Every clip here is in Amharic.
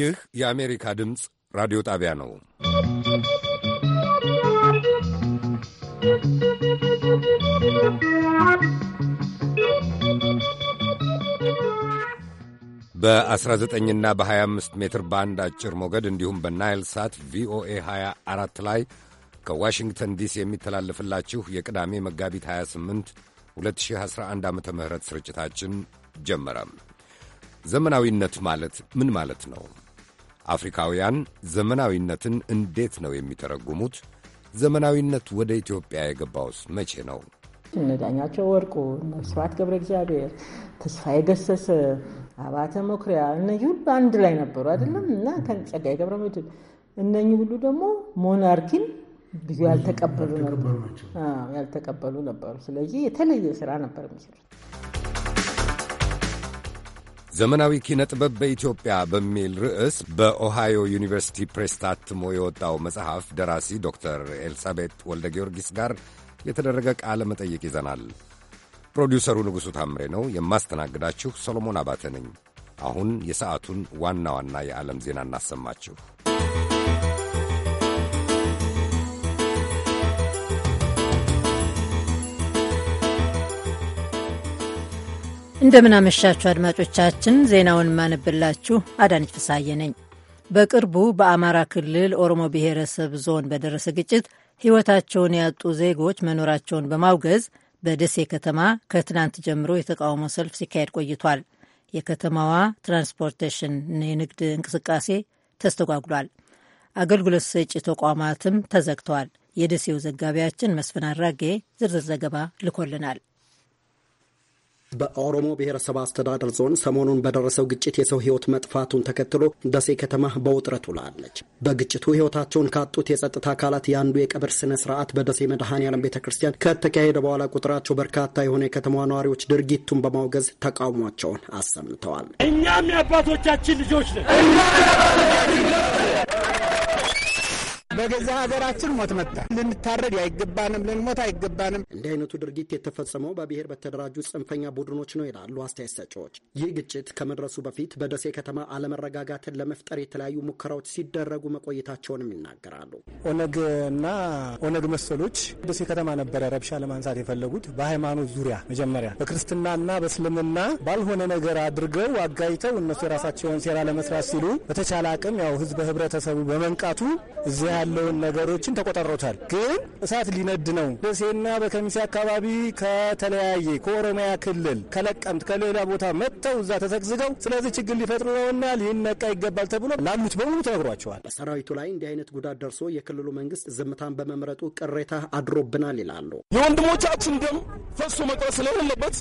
ይህ የአሜሪካ ድምፅ ራዲዮ ጣቢያ ነው። በ19ና በ25 ሜትር ባንድ አጭር ሞገድ እንዲሁም በናይል ሳት ቪኦኤ 24 ላይ ከዋሽንግተን ዲሲ የሚተላለፍላችሁ የቅዳሜ መጋቢት 28 2011 ዓ ም ስርጭታችን ጀመረ። ዘመናዊነት ማለት ምን ማለት ነው? አፍሪካውያን ዘመናዊነትን እንዴት ነው የሚተረጉሙት? ዘመናዊነት ወደ ኢትዮጵያ የገባውስ መቼ ነው? እነ ዳኛቸው ወርቁ፣ እነ ስብሐት ገብረ እግዚአብሔር፣ ተስፋዬ ገሰሰ፣ አባተ መኩሪያ እነዚህ ሁሉ አንድ ላይ ነበሩ አይደለም እና ጸጋዬ ገብረ መድኅን እነኚህ ሁሉ ደግሞ ሞናርኪን ብዙ ያልተቀበሉ ነበሩ ያልተቀበሉ ነበሩ። ስለዚህ የተለየ ስራ ነበር የሚሰሩት። ዘመናዊ ኪነ ጥበብ በኢትዮጵያ በሚል ርዕስ በኦሃዮ ዩኒቨርሲቲ ፕሬስ ታትሞ የወጣው መጽሐፍ ደራሲ ዶክተር ኤልሳቤጥ ወልደ ጊዮርጊስ ጋር የተደረገ ቃለ መጠይቅ ይዘናል። ፕሮዲውሰሩ ንጉሡ ታምሬ ነው። የማስተናግዳችሁ ሰሎሞን አባተ ነኝ። አሁን የሰዓቱን ዋና ዋና የዓለም ዜና እናሰማችሁ። እንደምናመሻችሁ አድማጮቻችን። ዜናውን ማንብላችሁ አዳነች ፍሳዬ ነኝ። በቅርቡ በአማራ ክልል ኦሮሞ ብሔረሰብ ዞን በደረሰ ግጭት ሕይወታቸውን ያጡ ዜጎች መኖራቸውን በማውገዝ በደሴ ከተማ ከትናንት ጀምሮ የተቃውሞ ሰልፍ ሲካሄድ ቆይቷል። የከተማዋ ትራንስፖርቴሽን የንግድ እንቅስቃሴ ተስተጓጉሏል። አገልግሎት ሰጪ ተቋማትም ተዘግተዋል። የደሴው ዘጋቢያችን መስፍን አራጌ ዝርዝር ዘገባ ልኮልናል። በኦሮሞ ብሔረሰብ አስተዳደር ዞን ሰሞኑን በደረሰው ግጭት የሰው ህይወት መጥፋቱን ተከትሎ ደሴ ከተማ በውጥረት ውላለች። በግጭቱ ህይወታቸውን ካጡት የጸጥታ አካላት የአንዱ የቀብር ስነ ስርዓት በደሴ መድኃኔ ዓለም ቤተ ክርስቲያን ከተካሄደ በኋላ ቁጥራቸው በርካታ የሆነ የከተማ ነዋሪዎች ድርጊቱን በማውገዝ ተቃውሟቸውን አሰምተዋል። እኛም የአባቶቻችን ልጆች ነን በገዛ ሀገራችን ሞት መጣ። ልንታረድ አይገባንም፣ ልንሞት አይገባንም። እንዲህ አይነቱ ድርጊት የተፈጸመው በብሔር በተደራጁ ጽንፈኛ ቡድኖች ነው ይላሉ አስተያየት ሰጪዎች። ይህ ግጭት ከመድረሱ በፊት በደሴ ከተማ አለመረጋጋትን ለመፍጠር የተለያዩ ሙከራዎች ሲደረጉ መቆየታቸውንም ይናገራሉ። ኦነግና ኦነግ መሰሎች ደሴ ከተማ ነበረ ረብሻ ለማንሳት የፈለጉት በሃይማኖት ዙሪያ መጀመሪያ በክርስትናና በእስልምና ባልሆነ ነገር አድርገው አጋይተው እነሱ የራሳቸውን ሴራ ለመስራት ሲሉ በተቻለ አቅም ያው ህዝበ ህብረተሰቡ በመንቃቱ እዚያ ያለውን ነገሮችን ተቆጣጥሮታል። ግን እሳት ሊነድ ነው። ደሴና በከሚሴ አካባቢ ከተለያየ ከኦሮሚያ ክልል ከለቀምት ከሌላ ቦታ መጥተው እዛ ተዘግዝገው ስለዚህ ችግር ሊፈጥሩ ነውና ሊነቃ ይገባል ተብሎ ላሉት በሙሉ ተነግሯቸዋል። በሰራዊቱ ላይ እንዲህ አይነት ጉዳት ደርሶ የክልሉ መንግስት ዝምታን በመምረጡ ቅሬታ አድሮብናል ይላሉ። የወንድሞቻችን ደም ፈሶ መቅረት ስለሌለበት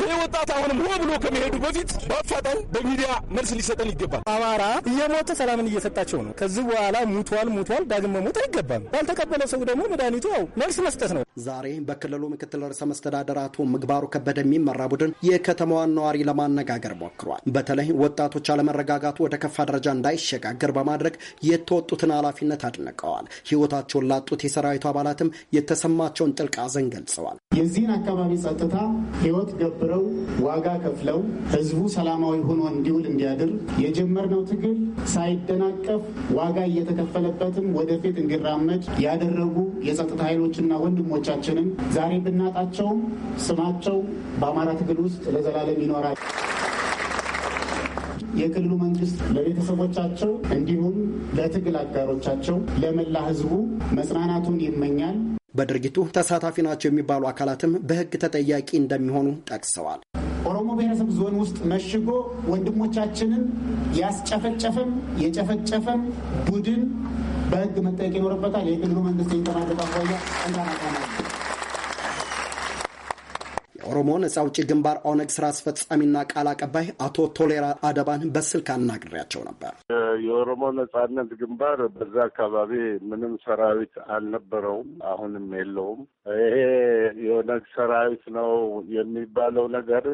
ይሄ ወጣት አሁንም ሆ ብሎ ከመሄዱ በፊት በአፋጣኝ በሚዲያ መልስ ሊሰጠን ይገባል። አማራ እየሞተ ሰላምን እየሰጣቸው ነው። ከዚህ በኋላ ሙቷል ሙቷል ዳግም መሞት አይገባም። ባልተቀበለው ሰው ደግሞ መድኃኒቱ ያው መልስ መስጠት ነው። ዛሬ በክልሉ ምክትል ርዕሰ መስተዳደር አቶ ምግባሩ ከበደ የሚመራ ቡድን የከተማዋን ነዋሪ ለማነጋገር ሞክሯል። በተለይ ወጣቶች አለመረጋጋቱ ወደ ከፋ ደረጃ እንዳይሸጋገር በማድረግ የተወጡትን ኃላፊነት አድንቀዋል። ህይወታቸውን ላጡት የሰራዊቱ አባላትም የተሰማቸውን ጥልቅ አዘን ገልጸዋል። የዚህን አካባቢ ጸጥታ ህይወት ገብረው ዋጋ ከፍለው ህዝቡ ሰላማዊ ሆኖ እንዲውል እንዲያድር የጀመርነው ትግል ሳይደናቀፍ ዋጋ እየተከፈለበትም ወደፊት እንዲራመድ ያደረጉ የጸጥታ ኃይሎችና ወንድሞቻችንን ዛሬ ብናጣቸውም ስማቸው በአማራ ትግል ውስጥ ለዘላለም ይኖራል። የክልሉ መንግስት ለቤተሰቦቻቸው እንዲሁም ለትግል አጋሮቻቸው፣ ለመላ ህዝቡ መጽናናቱን ይመኛል። በድርጊቱ ተሳታፊ ናቸው የሚባሉ አካላትም በህግ ተጠያቂ እንደሚሆኑ ጠቅሰዋል። ኦሮሞ ብሔረሰብ ዞን ውስጥ መሽጎ ወንድሞቻችንን ያስጨፈጨፈም የጨፈጨፈም ቡድን በህግ መጠየቅ ይኖርበታል። የክልሉ መንግስት የተማደቅ አኳያ የኦሮሞ ነጻ አውጪ ግንባር ኦነግ ስራ አስፈጻሚና ቃል አቀባይ አቶ ቶሌራ አደባን በስልክ አናግሬያቸው ነበር። የኦሮሞ ነጻነት ግንባር በዛ አካባቢ ምንም ሰራዊት አልነበረውም፣ አሁንም የለውም። ይሄ የኦነግ ሰራዊት ነው የሚባለው ነገር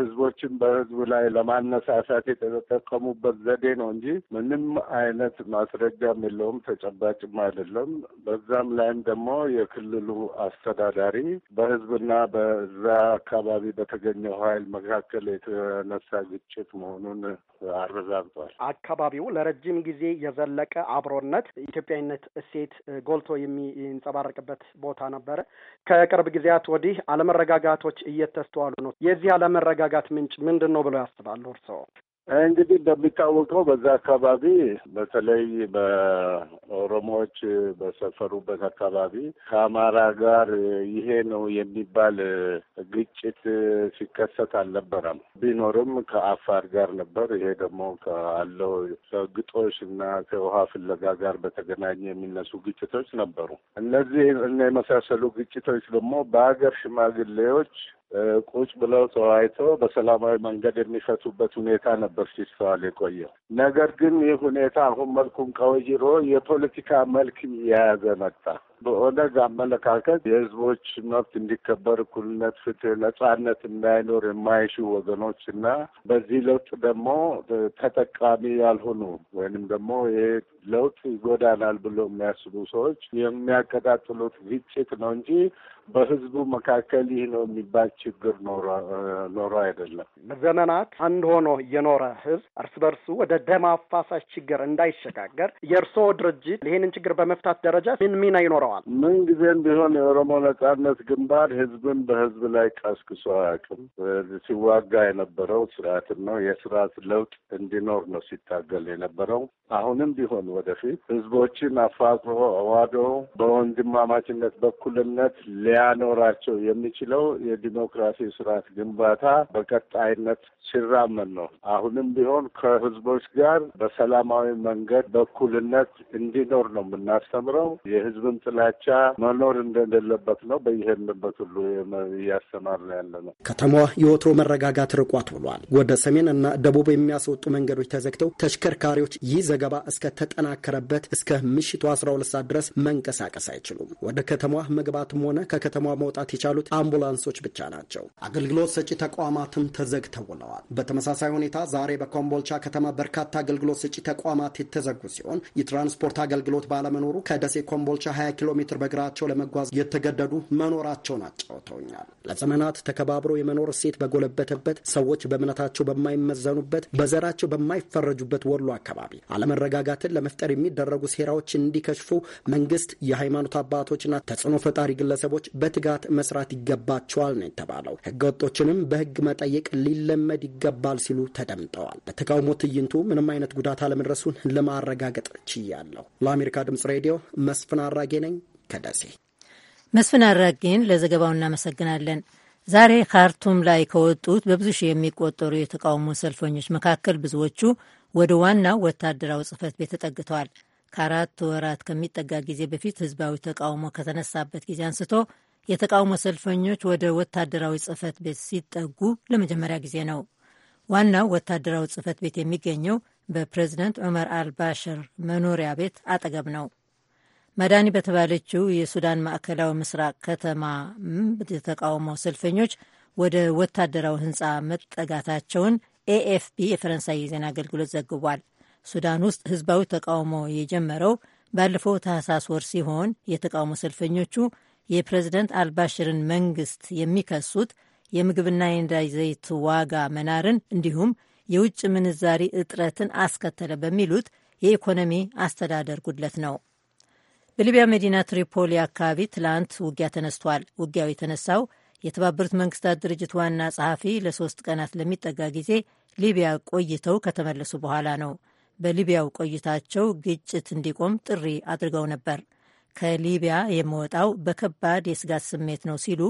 ህዝቦችን በህዝቡ ላይ ለማነሳሳት የተጠቀሙበት ዘዴ ነው እንጂ ምንም አይነት ማስረጃም የለውም፣ ተጨባጭም አይደለም። በዛም ላይም ደግሞ የክልሉ አስተዳዳሪ በህዝብና በዛ አካባቢ በተገኘው ኃይል መካከል የተነሳ ግጭት መሆኑን አረጋግጧል። አካባቢው ለረጅም ጊዜ የዘለቀ አብሮነት፣ ኢትዮጵያዊነት እሴት ጎልቶ የሚንጸባረቅበት ቦታ ነበረ። ከቅርብ ጊዜያት ወዲህ አለመረጋጋቶች እየተስተዋሉ ነው። የዚህ አለመረጋጋት ምንጭ ምንድን ነው ብለው ያስባሉ እርስዎ? እንግዲህ እንደሚታወቀው በዛ አካባቢ በተለይ በኦሮሞዎች በሰፈሩበት አካባቢ ከአማራ ጋር ይሄ ነው የሚባል ግጭት ሲከሰት አልነበረም። ቢኖርም ከአፋር ጋር ነበር። ይሄ ደግሞ ካለው ከግጦሽ እና ከውሃ ፍለጋ ጋር በተገናኘ የሚነሱ ግጭቶች ነበሩ። እነዚህ እና የመሳሰሉ ግጭቶች ደግሞ በሀገር ሽማግሌዎች ቁጭ ብለው ተወያይተው በሰላማዊ መንገድ የሚፈቱበት ሁኔታ ነበር ሲስተዋል የቆየው። ነገር ግን ይህ ሁኔታ አሁን መልኩን ቀይሮ የፖለቲካ መልክ የያዘ መጣ። በኦነግ አመለካከት የህዝቦች መብት እንዲከበር፣ እኩልነት፣ ፍትህ፣ ነጻነት እንዳይኖር የማይሹ ወገኖች እና በዚህ ለውጥ ደግሞ ተጠቃሚ ያልሆኑ ወይንም ደግሞ ይሄ ለውጥ ይጎዳናል ብሎ የሚያስቡ ሰዎች የሚያቀጣጥሉት ግጭት ነው እንጂ በህዝቡ መካከል ይህ ነው የሚባል ችግር ኖሮ አይደለም። ዘመናት አንድ ሆኖ የኖረ ህዝብ እርስ በርሱ ወደ ደም አፋሳሽ ችግር እንዳይሸጋገር የእርስዎ ድርጅት ይህንን ችግር በመፍታት ደረጃ ምን ሚና ይኖረዋል? ብለዋል። ምንጊዜም ቢሆን የኦሮሞ ነጻነት ግንባር ህዝብን በህዝብ ላይ ቀስቅሶ አያውቅም። ሲዋጋ የነበረው ስርዓትን ነው። የስርዓት ለውጥ እንዲኖር ነው ሲታገል የነበረው። አሁንም ቢሆን ወደፊት ህዝቦችን አፋቅሮ አዋዶ በወንድማማችነት በኩልነት ሊያኖራቸው የሚችለው የዲሞክራሲ ስርዓት ግንባታ በቀጣይነት ሲራመን ነው። አሁንም ቢሆን ከህዝቦች ጋር በሰላማዊ መንገድ በኩልነት እንዲኖር ነው የምናስተምረው የህዝብን ጥላ ጥላቻ መኖር እንደሌለበት ነው በይሄንበት ሁሉ እያሰማር ነው ያለ ነው። ከተማዋ የወትሮ መረጋጋት ርቋት ብሏል። ወደ ሰሜን እና ደቡብ የሚያስወጡ መንገዶች ተዘግተው ተሽከርካሪዎች ይህ ዘገባ እስከተጠናከረበት እስከ ምሽቱ 12 ሰዓት ድረስ መንቀሳቀስ አይችሉም። ወደ ከተማዋ መግባትም ሆነ ከከተማዋ መውጣት የቻሉት አምቡላንሶች ብቻ ናቸው። አገልግሎት ሰጪ ተቋማትም ተዘግተው ውለዋል። በተመሳሳይ ሁኔታ ዛሬ በኮምቦልቻ ከተማ በርካታ አገልግሎት ሰጪ ተቋማት የተዘጉ ሲሆን የትራንስፖርት አገልግሎት ባለመኖሩ ከደሴ ኮምቦልቻ 20 ኪሎ ሜትር በእግራቸው ለመጓዝ የተገደዱ መኖራቸውን አጫውተውኛል። ለዘመናት ተከባብሮ የመኖር እሴት በጎለበተበት፣ ሰዎች በእምነታቸው በማይመዘኑበት፣ በዘራቸው በማይፈረጁበት ወሎ አካባቢ አለመረጋጋትን ለመፍጠር የሚደረጉ ሴራዎች እንዲከሽፉ መንግስት፣ የሃይማኖት አባቶችና ተጽዕኖ ፈጣሪ ግለሰቦች በትጋት መስራት ይገባቸዋል ነው የተባለው። ህገወጦችንም በህግ መጠየቅ ሊለመድ ይገባል ሲሉ ተደምጠዋል። በተቃውሞ ትዕይንቱ ምንም አይነት ጉዳት አለመድረሱን ለማረጋገጥ ችያለሁ። ለአሜሪካ ድምጽ ሬዲዮ መስፍን አራጌ ነኝ ከደሴ መስፍን አራጌን ለዘገባው እናመሰግናለን። ዛሬ ካርቱም ላይ ከወጡት በብዙ ሺህ የሚቆጠሩ የተቃውሞ ሰልፈኞች መካከል ብዙዎቹ ወደ ዋናው ወታደራዊ ጽህፈት ቤት ተጠግተዋል። ከአራት ወራት ከሚጠጋ ጊዜ በፊት ህዝባዊ ተቃውሞ ከተነሳበት ጊዜ አንስቶ የተቃውሞ ሰልፈኞች ወደ ወታደራዊ ጽህፈት ቤት ሲጠጉ ለመጀመሪያ ጊዜ ነው። ዋናው ወታደራዊ ጽህፈት ቤት የሚገኘው በፕሬዚደንት ዑመር አልባሽር መኖሪያ ቤት አጠገብ ነው። መዳኒ በተባለችው የሱዳን ማዕከላዊ ምስራቅ ከተማ የተቃውሞ ሰልፈኞች ወደ ወታደራዊ ህንፃ መጠጋታቸውን ኤኤፍፒ የፈረንሳይ የዜና አገልግሎት ዘግቧል። ሱዳን ውስጥ ህዝባዊ ተቃውሞ የጀመረው ባለፈው ታህሳስ ወር ሲሆን የተቃውሞ ሰልፈኞቹ የፕሬዝደንት አልባሽርን መንግስት የሚከሱት የምግብና የነዳጅ ዘይት ዋጋ መናርን እንዲሁም የውጭ ምንዛሪ እጥረትን አስከተለ በሚሉት የኢኮኖሚ አስተዳደር ጉድለት ነው። በሊቢያ መዲና ትሪፖሊ አካባቢ ትላንት ውጊያ ተነስቷል። ውጊያው የተነሳው የተባበሩት መንግስታት ድርጅት ዋና ጸሐፊ ለሶስት ቀናት ለሚጠጋ ጊዜ ሊቢያ ቆይተው ከተመለሱ በኋላ ነው። በሊቢያው ቆይታቸው ግጭት እንዲቆም ጥሪ አድርገው ነበር። ከሊቢያ የመወጣው በከባድ የስጋት ስሜት ነው ሲሉ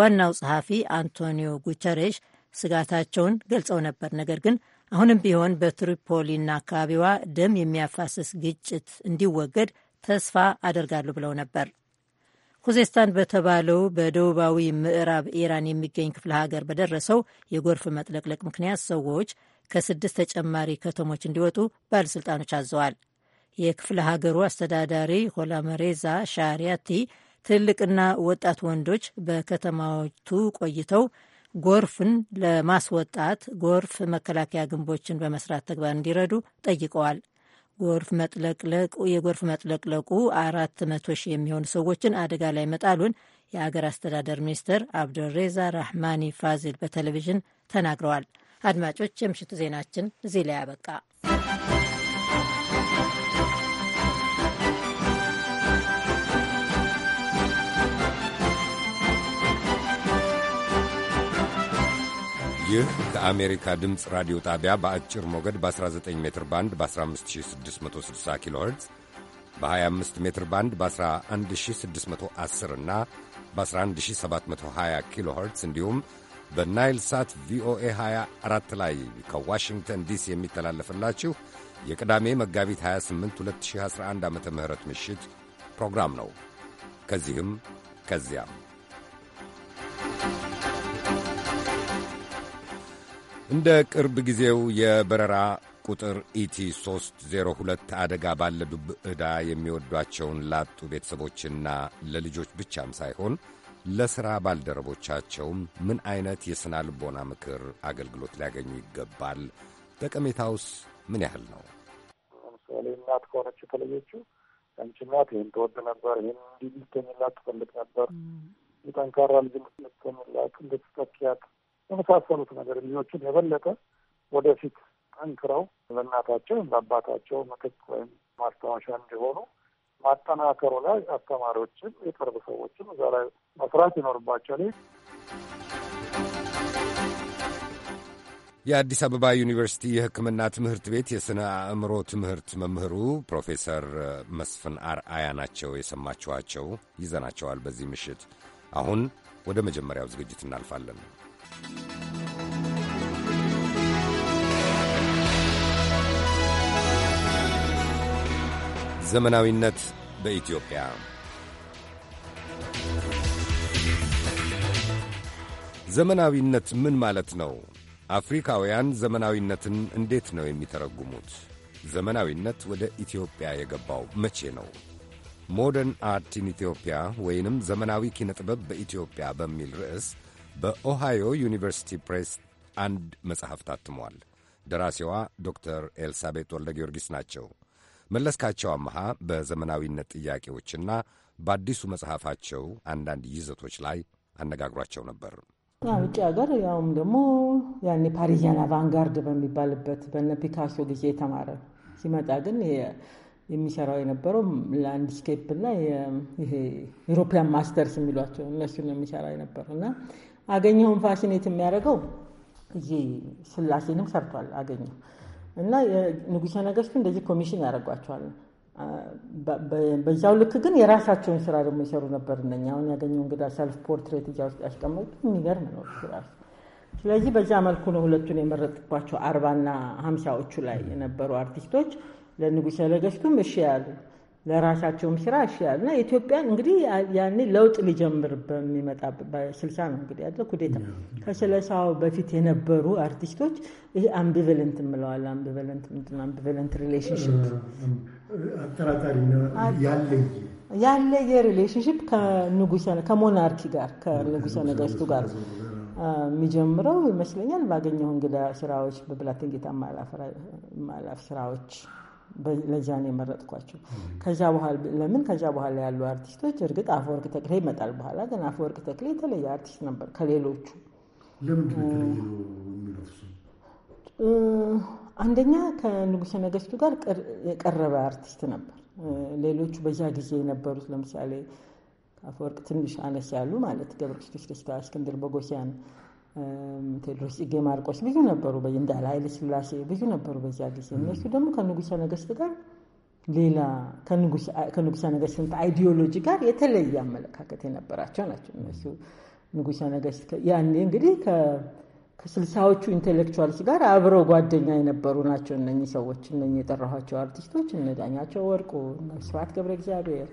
ዋናው ጸሐፊ አንቶኒዮ ጉተሬሽ ስጋታቸውን ገልጸው ነበር። ነገር ግን አሁንም ቢሆን በትሪፖሊና አካባቢዋ ደም የሚያፋስስ ግጭት እንዲወገድ ተስፋ አደርጋለሁ ብለው ነበር። ኩዜስታን በተባለው በደቡባዊ ምዕራብ ኢራን የሚገኝ ክፍለ ሀገር በደረሰው የጎርፍ መጥለቅለቅ ምክንያት ሰዎች ከስድስት ተጨማሪ ከተሞች እንዲወጡ ባለሥልጣኖች አዘዋል። የክፍለ ሀገሩ አስተዳዳሪ ሆላመሬዛ ሻሪያቲ ትልቅና ወጣት ወንዶች በከተማዎቹ ቆይተው ጎርፍን ለማስወጣት ጎርፍ መከላከያ ግንቦችን በመስራት ተግባር እንዲረዱ ጠይቀዋል። ጎርፍ መጥለቅለቅ የጎርፍ መጥለቅለቁ አራት መቶ ሺህ የሚሆኑ ሰዎችን አደጋ ላይ መጣሉን የአገር አስተዳደር ሚኒስትር አብዶሬዛ ራህማኒ ፋዚል በቴሌቪዥን ተናግረዋል። አድማጮች፣ የምሽቱ ዜናችን እዚህ ላይ አበቃ። ይህ ከአሜሪካ ድምፅ ራዲዮ ጣቢያ በአጭር ሞገድ በ19 ሜትር ባንድ በ15660 ኪሎ በ25 ሜትር ባንድ በ11610 እና በ11720 ኪሎ እንዲሁም በናይል ሳት ቪኦኤ 24 ላይ ከዋሽንግተን ዲሲ የሚተላለፍላችሁ የቅዳሜ መጋቢት 28 2011 ዓ ም ምሽት ፕሮግራም ነው። ከዚህም ከዚያም እንደ ቅርብ ጊዜው የበረራ ቁጥር ኢቲ 302 አደጋ ባለ ዱብ ዕዳ የሚወዷቸውን ላጡ ቤተሰቦችና ለልጆች ብቻም ሳይሆን ለሥራ ባልደረቦቻቸውም ምን አይነት የሥነ ልቦና ምክር አገልግሎት ሊያገኙ ይገባል? ጠቀሜታውስ ምን ያህል ነው? ለምሳሌ እናት ከሆነች የተለየችው አንቺ እናት ይህን ትወድ ነበር፣ ይህን እንዲህ ልትሆኝላት ትፈልግ ነበር፣ ጠንካራ ልጅ ልትሆኝላት እንደተተኪያት የመሳሰሉት ነገር ልጆቹን የበለጠ ወደፊት ጠንክረው ለእናታቸው ለአባታቸው ምክት ወይም ማስታወሻ እንዲሆኑ ማጠናከሩ ላይ አስተማሪዎችም የቅርብ ሰዎችም እዛ ላይ መስራት ይኖርባቸዋል። የአዲስ አበባ ዩኒቨርሲቲ የሕክምና ትምህርት ቤት የሥነ አእምሮ ትምህርት መምህሩ ፕሮፌሰር መስፍን አርአያ ናቸው የሰማችኋቸው። ይዘናቸዋል በዚህ ምሽት። አሁን ወደ መጀመሪያው ዝግጅት እናልፋለን። ዘመናዊነት በኢትዮጵያ ዘመናዊነት ምን ማለት ነው? አፍሪካውያን ዘመናዊነትን እንዴት ነው የሚተረጉሙት? ዘመናዊነት ወደ ኢትዮጵያ የገባው መቼ ነው? ሞደርን አርት ኢን ኢትዮጵያ ወይንም ዘመናዊ ኪነ ጥበብ በኢትዮጵያ በሚል ርዕስ በኦሃዮ ዩኒቨርሲቲ ፕሬስ አንድ መጽሐፍ ታትሟል። ደራሲዋ ዶክተር ኤልሳቤጥ ወልደ ጊዮርጊስ ናቸው። መለስካቸው አመሃ በዘመናዊነት ጥያቄዎችና በአዲሱ መጽሐፋቸው አንዳንድ ይዘቶች ላይ አነጋግሯቸው ነበር። ውጭ ሀገር ያውም ደግሞ ያኔ ፓሪዚያን አቫንጋርድ በሚባልበት በነ ፒካሶ ጊዜ የተማረ ሲመጣ ግን የሚሰራው የነበረው ላንድስኬፕ እና ይሄ ዩሮፒያን ማስተርስ የሚሏቸው እነሱን የሚሰራ የነበረው እና አገኘውን ፋሽኔት የሚያደርገው እዚህ ስላሴንም ሰርቷል አገኘሁ እና ንጉሠ ነገሥቱ እንደዚህ ኮሚሽን ያደርጓቸዋል። በዛው ልክ ግን የራሳቸውን ስራ ደግሞ ይሰሩ ነበር። እነኛ አሁን ያገኘው እንግዳ ሰልፍ ፖርትሬት እዛ ውስጥ ያስቀመጡ የሚገርም ነው ስለዚህ በዛ መልኩ ነው ሁለቱን የመረጥኳቸው አርባና ሀምሳዎቹ ላይ የነበሩ አርቲስቶች ለንጉሠ ነገሥቱም እሺ ያሉ ለራሳቸውም ስራ ያሻል እና ኢትዮጵያን እንግዲህ ያኔ ለውጥ ሊጀምር በሚመጣ በስልሳ ነው እንግዲህ ያለ ኩዴታ ከስለሳው በፊት የነበሩ አርቲስቶች ይሄ አምቢቨለንት ምለዋል። አምቢቨለንት ምንድን ነው? አምቢቨለንት ሪሌሽንሽፕ አጠራጣሪ ያለየ ሪሌሽንሽፕ ከሞናርኪ ጋር ከንጉሰ ነገስቱ ጋር የሚጀምረው ይመስለኛል ባገኘው እንግዳ ስራዎች በብላቴን ጌታ ማላፍ ስራዎች ለዚያ ነው የመረጥኳቸው። ከዛ በኋላ ለምን ከዛ በኋላ ያሉ አርቲስቶች እርግጥ አፈወርቅ ተክሌ ይመጣል በኋላ፣ ግን አፈወርቅ ተክሌ የተለየ አርቲስት ነበር ከሌሎቹ። አንደኛ ከንጉሰ ነገስቱ ጋር የቀረበ አርቲስት ነበር። ሌሎቹ በዛ ጊዜ የነበሩት ለምሳሌ አፈወርቅ ትንሽ አነስ ያሉ ማለት ገብረ ደስታ፣ እስክንድር በጎሲያን ቴዎድሮስ ጽጌ ማርቆስ ብዙ ነበሩ። እንዳለ ኃይለ ሥላሴ ብዙ ነበሩ በዚያ ጊዜ። እነሱ ደግሞ ከንጉሠ ነገሥት ጋር ሌላ ከንጉሠ ነገሥት አይዲዮሎጂ ጋር የተለየ አመለካከት የነበራቸው ናቸው። እነሱ ንጉሠ ነገሥት ያኔ እንግዲህ ከስልሳዎቹ ኢንቴሌክቹዋልስ ጋር አብረው ጓደኛ የነበሩ ናቸው። እነኚህ ሰዎች እነኚህ የጠራኋቸው አርቲስቶች እነ ዳኛቸው ወርቁ፣ ስብሐት ገብረ እግዚአብሔር፣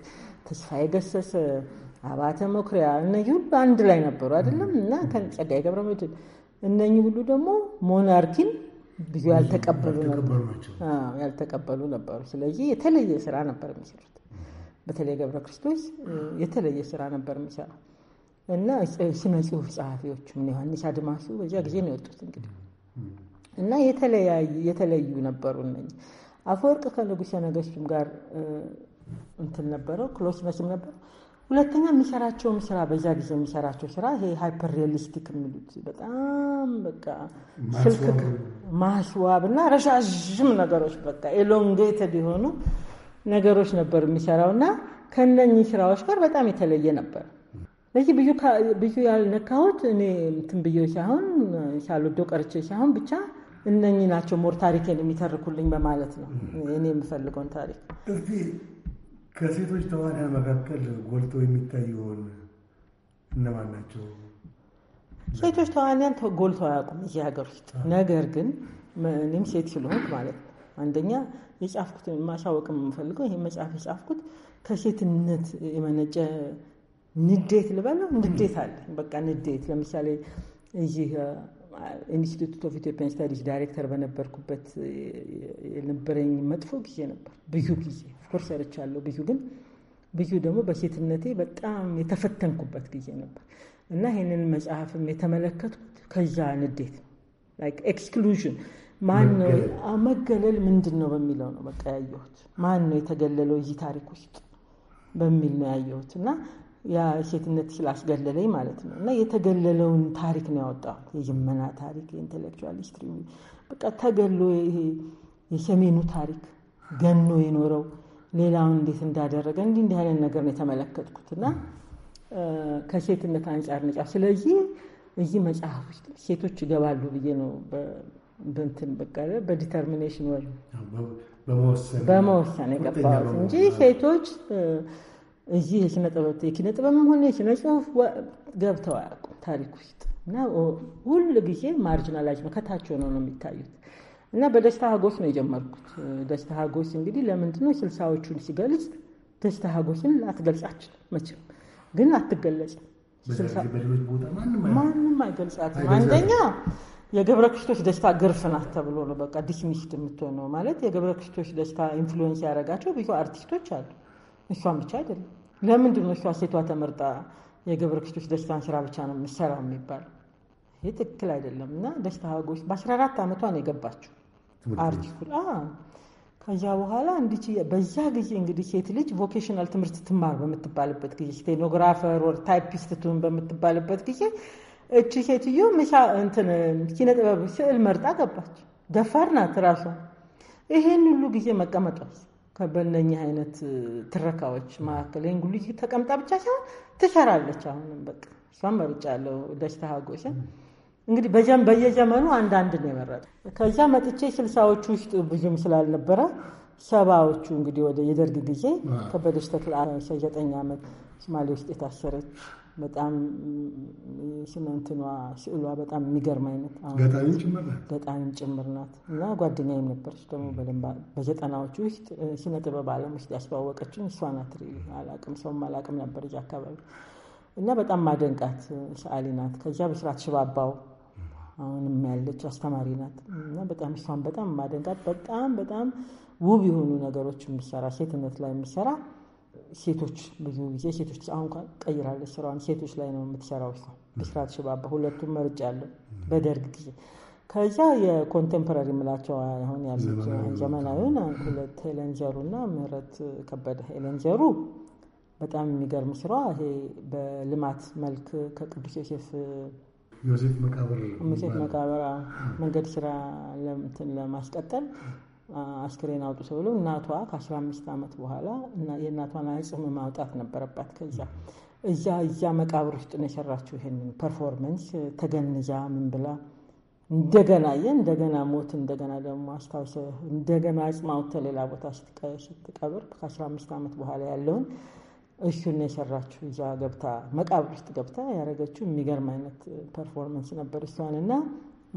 ተስፋዬ ገሰሰ አባተ መኩሪያ እነዚህ ሁሉ አንድ ላይ ነበሩ አይደለም እና ጸጋዬ ገብረ መድኅን እነኚህ ሁሉ ደግሞ ሞናርኪን ብዙ ያልተቀበሉ ያልተቀበሉ ነበሩ። ስለዚህ የተለየ ስራ ነበር የሚሰሩት። በተለይ ገብረ ክርስቶስ የተለየ ስራ ነበር የሚሰራው እና ስነ ጽሁፍ ጸሐፊዎቹም ዮሐንስ አድማሱ በዚያ ጊዜ ነው የወጡት እንግዲህ እና የተለዩ ነበሩ እነኚህ አፈወርቅ ከንጉሠ ነገሥቱም ጋር እንትን ነበረው ክሎስነስም ነበረው ሁለተኛ የሚሰራቸውም ስራ በዛ ጊዜ የሚሰራቸው ስራ ይሄ ሃይፐር ሪያሊስቲክ የሚሉት በጣም በቃ ስልክ ማስዋብ እና ረዣዥም ነገሮች በቃ ኤሎንጌትድ የሆኑ ነገሮች ነበር የሚሰራው እና ከእነኚህ ስራዎች ጋር በጣም የተለየ ነበር። ለዚህ ብዙ ያልነካሁት እኔ እንትን ብዬ ሳይሆን ሳልወደው ቀርቼ ሳይሆን ብቻ እነኚህ ናቸው ሞር ታሪኬን የሚተርኩልኝ በማለት ነው እኔ የምፈልገውን ታሪክ ከሴቶች ተዋንያን መካከል ጎልቶ የሚታየውን እነማን ናቸው? ሴቶች ተዋንያን ጎልተው አያውቁም እዚህ ሀገር ውስጥ። ነገር ግን እኔም ሴት ስለሆንኩ ማለት ነው አንደኛ የጻፍኩት ማሳወቅ የምፈልገው ይህ መጽሐፍ የጻፍኩት ከሴትነት የመነጨ ንዴት ልበለው፣ ንዴት አለ። በቃ ንዴት ለምሳሌ እዚህ ኢንስቲቱት ኦፍ ኢትዮጵያን ስታዲስ ዳይሬክተር በነበርኩበት የነበረኝ መጥፎ ጊዜ ነበር፣ ብዙ ጊዜ ኮርስ ሰርቻለሁ። ብዙ ግን ብዙ ደግሞ በሴትነቴ በጣም የተፈተንኩበት ጊዜ ነበር እና ይህንን መጽሐፍም የተመለከትኩት ከዛ ንዴት ኤክስክሉዥን ማን ነው መገለል ምንድን ነው በሚለው ነው በቃ ያየሁት። ማን ነው የተገለለው እዚህ ታሪክ ውስጥ በሚል ነው ያየሁት እና ያ ሴትነት ስላስገለለኝ ማለት ነው እና የተገለለውን ታሪክ ነው ያወጣሁት። የጀመና ታሪክ፣ የኢንቴሌክቹዋል ሂስትሪ በቃ ተገሎ ይሄ የሰሜኑ ታሪክ ገኖ የኖረው ሌላውን እንዴት እንዳደረገ እንዲህ እንዲህ አይነት ነገር ነው የተመለከትኩት እና ከሴትነት አንጻር ነው። ስለዚህ እዚህ መጽሐፍ ውስጥ ሴቶች ይገባሉ ብዬ ነው በእንትን በቃ በዲተርሚኔሽን ወይ በመወሰን የገባሁት እንጂ ሴቶች እዚህ የኪነ ጥበብ የኪነ ጥበብም ሆነ የኪነ ጽሁፍ ገብተው አያውቁም ታሪክ ውስጥ እና ሁል ጊዜ ማርጅናላጅ ነው፣ ከታች ሆነው ነው የሚታዩት። እና በደስታ ሀጎስ ነው የጀመርኩት። ደስታ ሀጎስ እንግዲህ ለምንድን ነው ስልሳዎቹን ሲገልጽ ደስታ ሀጎስን አትገልጻችን መቼም ግን አትገለጽም። ማንም አይገልጻትም። አንደኛ የገብረ ክርስቶስ ደስታ ግርፍ ናት ተብሎ ነው በቃ ዲስሚስድ የምትሆነው። ማለት የገብረ ክርስቶስ ደስታ ኢንፍሉዌንስ ያደረጋቸው ብዙ አርቲስቶች አሉ፣ እሷን ብቻ አይደለም። ለምንድን ነው እሷ ሴቷ ተመርጣ የገብረ ክርስቶስ ደስታን ስራ ብቻ ነው የምትሰራው የሚባል? ይህ ትክክል አይደለም። እና ደስታ ሀጎስ በ14 ዓመቷ ነው የገባችው አርችፉል ከዛ በኋላ እንዲች በዛ ጊዜ እንግዲህ ሴት ልጅ ቮኬሽናል ትምህርት ትማር በምትባልበት ጊዜ ስቴኖግራፈር ወር ታይፒስት ትሁን በምትባልበት ጊዜ እቺ ሴትዮ ምሳ እንትን ኪነ ጥበብ ስዕል መርጣ ገባች። ደፋር ናት ራሷ። ይሄን ሁሉ ጊዜ መቀመጧል ከበነኛ አይነት ትረካዎች መካከል ይህን ሁሉ ተቀምጣ ብቻ ሳይሆን ትሰራለች። አሁንም በቃ እሷም መርጫ ያለው ደስታ ሀጎሽን እንግዲህ በጀም በየጀመኑ አንዳንድ ነው የመረጠ። ከዛ መጥቼ ስልሳዎቹ ውስጥ ብዙም ስላልነበረ ሰባዎቹ እንግዲህ ወደ የደርግ ጊዜ ከበደች ተክል ዘጠኝ ዓመት ሶማሌ ውስጥ የታሰረች በጣም ስነ እንትኗ ስዕሏ በጣም የሚገርም አይነት ገጣሚም ጭምር ናት እና ጓደኛዬም ነበረች ደግሞ በዘጠናዎቹ ውስጥ ስነ ጥበብ ዓለም ውስጥ ያስተዋወቀችን እሷ ናት። አላቅም ሰውም አላቅም ነበር እዚያ አካባቢ እና በጣም ማደንቃት ሰዓሊ ናት። ከዚያ በስራት ሽባባው አሁንም ያለች አስተማሪ ናት እና በጣም እሷን በጣም ማደንቃት በጣም በጣም ውብ የሆኑ ነገሮች የምትሰራ ሴትነት ላይ የምትሰራ ሴቶች ብዙ ጊዜ ሴቶች አሁን ቀይራለች ስራዋን ሴቶች ላይ ነው የምትሰራው እሷ ብስራት ሽባባ ሁለቱም መርጫ አለው በደርግ ጊዜ ከዛ የኮንቴምፖራሪ የምላቸው አሁን ያሉት ዘመናዊውን ሁለት ሄለን እና ምህረት ከበደ ሄለን በጣም የሚገርም ስራ ይሄ በልማት መልክ ከቅዱስ ዮሴፍ ዮሴፍ መቃብር ዮሴፍ መቃብር መንገድ ስራ ለማስቀጠል አስክሬን አውጡ ተብሎ እናቷ ከ15 ዓመት በኋላ የእናቷን አጽም ማውጣት ነበረባት። ከዛ እዛ እዛ መቃብር ውስጥ ነው የሰራችው ይሄንን ፐርፎርመንስ ተገንዛ ምን ብላ እንደገና የ እንደገና ሞት እንደገና ደግሞ አስታውሰ እንደገና አጽም አውጥተ ሌላ ቦታ ስትቀብር ከ15 ዓመት በኋላ ያለውን እሱን የሰራችው እዛ ገብታ መቃብር ውስጥ ገብታ ያደረገችው የሚገርም አይነት ፐርፎርመንስ ነበር። እሷን እና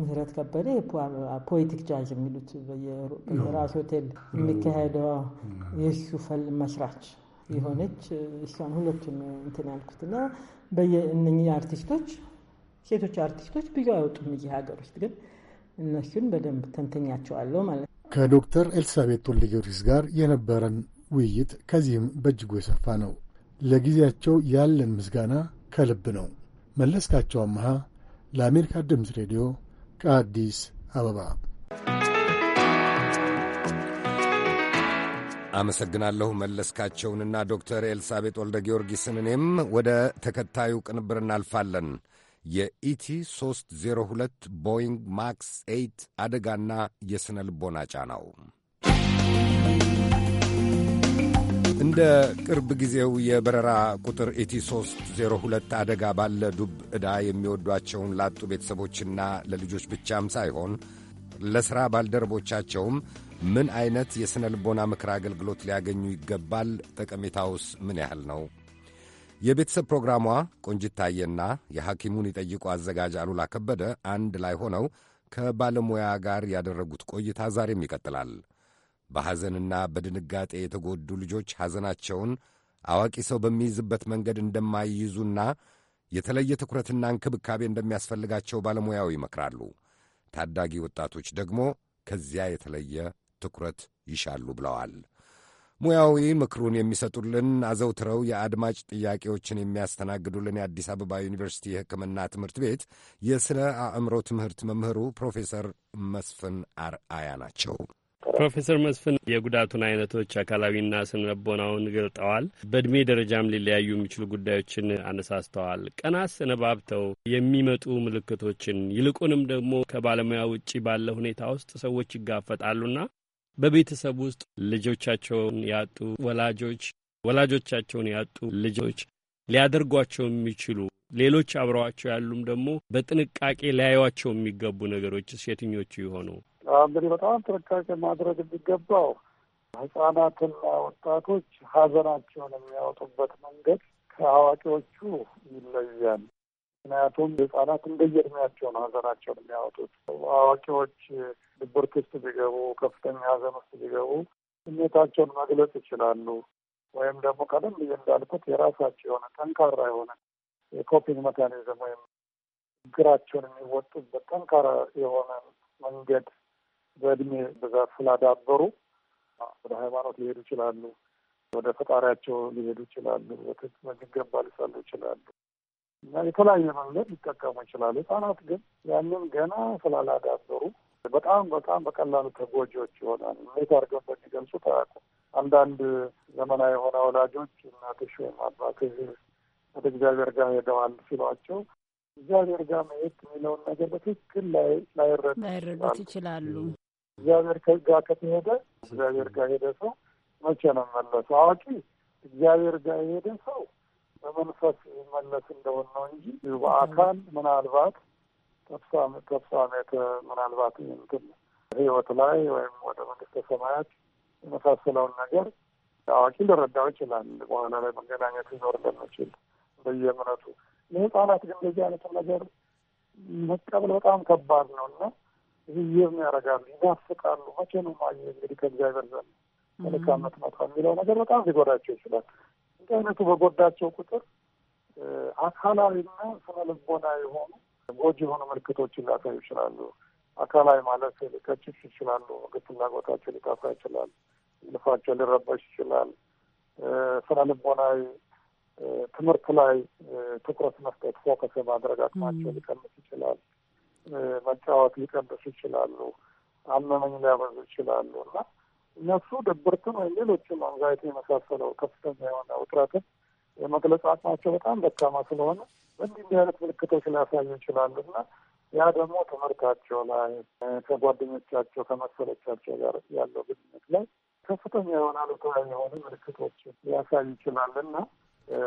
ምህረት ከበደ ፖቲክ ጃዝ የሚሉት በራስ ሆቴል የሚካሄደው የእሱ ፈል መስራች የሆነች እሷን ሁለቱን እንትን ያልኩት ያልኩትና በየእነኚህ አርቲስቶች ሴቶች አርቲስቶች ብዙ አይወጡም እዚህ ሀገር ውስጥ ግን እነሱን በደንብ ተንተኛቸዋለሁ ማለት ነው። ከዶክተር ኤልሳቤጥ ወልደጊዮርጊስ ጋር የነበረን ውይይት ከዚህም በእጅጉ የሰፋ ነው። ለጊዜያቸው ያለን ምስጋና ከልብ ነው። መለስካቸው አመሃ ለአሜሪካ ድምፅ ሬዲዮ ከአዲስ አበባ አመሰግናለሁ መለስካቸውንና ዶክተር ኤልሳቤጥ ወልደ ጊዮርጊስን። እኔም ወደ ተከታዩ ቅንብር እናልፋለን። የኢቲ 302 ቦይንግ ማክስ 8 አደጋና የሥነ ልቦና ጫናው እንደ ቅርብ ጊዜው የበረራ ቁጥር ኢቲ 302 አደጋ ባለ ዱብ ዕዳ የሚወዷቸውን ላጡ ቤተሰቦችና ለልጆች ብቻም ሳይሆን ለሥራ ባልደረቦቻቸውም ምን አይነት የሥነ ልቦና ምክር አገልግሎት ሊያገኙ ይገባል? ጠቀሜታውስ ምን ያህል ነው? የቤተሰብ ፕሮግራሟ ቆንጅት ታየና የሐኪሙን ይጠይቁ አዘጋጅ አሉላ ከበደ አንድ ላይ ሆነው ከባለሙያ ጋር ያደረጉት ቆይታ ዛሬም ይቀጥላል። በሐዘንና በድንጋጤ የተጎዱ ልጆች ሐዘናቸውን አዋቂ ሰው በሚይዝበት መንገድ እንደማይይዙና የተለየ ትኩረትና እንክብካቤ እንደሚያስፈልጋቸው ባለሙያው ይመክራሉ። ታዳጊ ወጣቶች ደግሞ ከዚያ የተለየ ትኩረት ይሻሉ ብለዋል። ሙያዊ ምክሩን የሚሰጡልን አዘውትረው የአድማጭ ጥያቄዎችን የሚያስተናግዱልን የአዲስ አበባ ዩኒቨርሲቲ የሕክምና ትምህርት ቤት የሥነ አእምሮ ትምህርት መምህሩ ፕሮፌሰር መስፍን አርአያ ናቸው። ፕሮፌሰር መስፍን የጉዳቱን አይነቶች አካላዊና ስነልቦናውን ገልጠዋል። በእድሜ ደረጃም ሊለያዩ የሚችሉ ጉዳዮችን አነሳስተዋል። ቀናት ሰነባብተው የሚመጡ ምልክቶችን ይልቁንም ደግሞ ከባለሙያ ውጪ ባለ ሁኔታ ውስጥ ሰዎች ይጋፈጣሉና በቤተሰብ ውስጥ ልጆቻቸውን ያጡ ወላጆች፣ ወላጆቻቸውን ያጡ ልጆች ሊያደርጓቸው የሚችሉ ሌሎች አብረዋቸው ያሉም ደግሞ በጥንቃቄ ሊያዩቸው የሚገቡ ነገሮች የትኞቹ ይሆኑ? እንግዲህ በጣም ጥንቃቄ ማድረግ የሚገባው ህጻናትና ወጣቶች ሀዘናቸውን የሚያወጡበት መንገድ ከአዋቂዎቹ ይለያል። ምክንያቱም ህጻናት እንደየእድሜያቸው ነው ሀዘናቸውን የሚያወጡት። አዋቂዎች ድብርት ውስጥ ቢገቡ፣ ከፍተኛ ሀዘን ውስጥ ቢገቡ ስሜታቸውን መግለጽ ይችላሉ። ወይም ደግሞ ቀደም ብዬ እንዳልኩት የራሳቸው የሆነ ጠንካራ የሆነ የኮፒንግ መካኒዝም ወይም ችግራቸውን የሚወጡበት ጠንካራ የሆነ መንገድ በእድሜ ብዛት ስላዳበሩ ወደ ሃይማኖት ሊሄዱ ይችላሉ። ወደ ፈጣሪያቸው ሊሄዱ ይችላሉ። በሚገባ ሊጸሉ ይችላሉ እና የተለያየ መንገድ ሊጠቀሙ ይችላሉ። ህጻናት ግን ያንን ገና ስላላዳበሩ በጣም በጣም በቀላሉ ተጎጂዎች ይሆናል። እንዴት አድርገው በሚገልጹ ታያቁ አንዳንድ ዘመናዊ የሆነ ወላጆች እናትሽ ወይም አባትህ ወደ እግዚአብሔር ጋር ሄደዋል ሲሏቸው እግዚአብሔር ጋር መሄድ የሚለውን ነገር በትክክል ላይረዱት ይችላሉ። እግዚአብሔር ጋር ከተሄደ እግዚአብሔር ጋር ሄደ ሰው መቼ ነው መለሰው? አዋቂ እግዚአብሔር ጋር የሄደ ሰው በመንፈስ መለስ እንደሆን ነው እንጂ በአካል ምናልባት ተፍሳሜት ምናልባት እንትን ህይወት ላይ ወይም ወደ መንግስተ ሰማያት የመሳሰለውን ነገር አዋቂ ሊረዳው ይችላል። በኋላ ላይ መገናኘት ይኖር እንደሚችል በየእምነቱ። ለህፃናት ግን እንደዚህ አይነት ነገር መቀበል በጣም ከባድ ነው እና ዝይም ያደርጋሉ፣ ይናፍቃሉ። መቼ ነው ማየ እንግዲህ ከእግዚአብሔር ዘንድ መልካም መጥመጣ የሚለው ነገር በጣም ሊጎዳቸው ይችላል። እንዲህ አይነቱ በጎዳቸው ቁጥር አካላዊና ስነ ልቦና የሆኑ ጎጂ የሆኑ ምልክቶችን ሊያሳዩ ይችላሉ። አካላዊ ማለት ሊቀጭሱ ይችላሉ። ምግብ ፍላጎታቸው ሊጠፋ ይችላል። ልፋቸው ሊረበሽ ይችላል። ስነ ልቦናዊ ትምህርት ላይ ትኩረት መስጠት ፎከስ የማድረግ አቅማቸው ሊቀንስ ይችላል። መጫወት ሊቀንሱ ይችላሉ። አመመኝ ሊያበዙ ይችላሉ እና እነሱ ድብርትን ወይም ሌሎችም አንዛይቲ የመሳሰለው ከፍተኛ የሆነ ውጥረትን የመግለጽ አቅማቸው በጣም ደካማ ስለሆነ በእንዲህ እንዲህ አይነት ምልክቶች ሊያሳዩ ይችላሉ እና ያ ደግሞ ትምህርታቸው ላይ ከጓደኞቻቸው ከመሰሎቻቸው ጋር ያለው ግንኙነት ላይ ከፍተኛ የሆነ አሉታዊ የሆኑ ምልክቶች ሊያሳይ ይችላል እና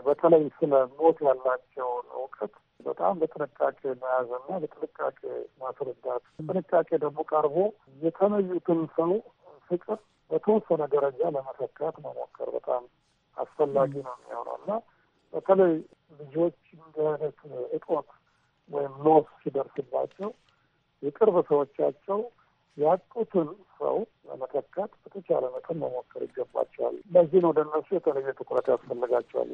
በተለይ ስለ ሞት ያላቸውን እውቀት በጣም በጥንቃቄ መያዝና በጥንቃቄ ማስረዳት፣ ጥንቃቄ ደግሞ ቀርቦ የተለዩትን ሰው ፍቅር በተወሰነ ደረጃ ለመተካት መሞከር በጣም አስፈላጊ ነው የሚሆነው እና በተለይ ልጆች እንዲህ አይነት እጦት ወይም ሎስ ሲደርስባቸው የቅርብ ሰዎቻቸው ያጡትን ሰው ለመተካት በተቻለ መጠን መሞከር ይገባቸዋል። ለዚህ ነው ወደ የተለየ ትኩረት ያስፈልጋቸዋል።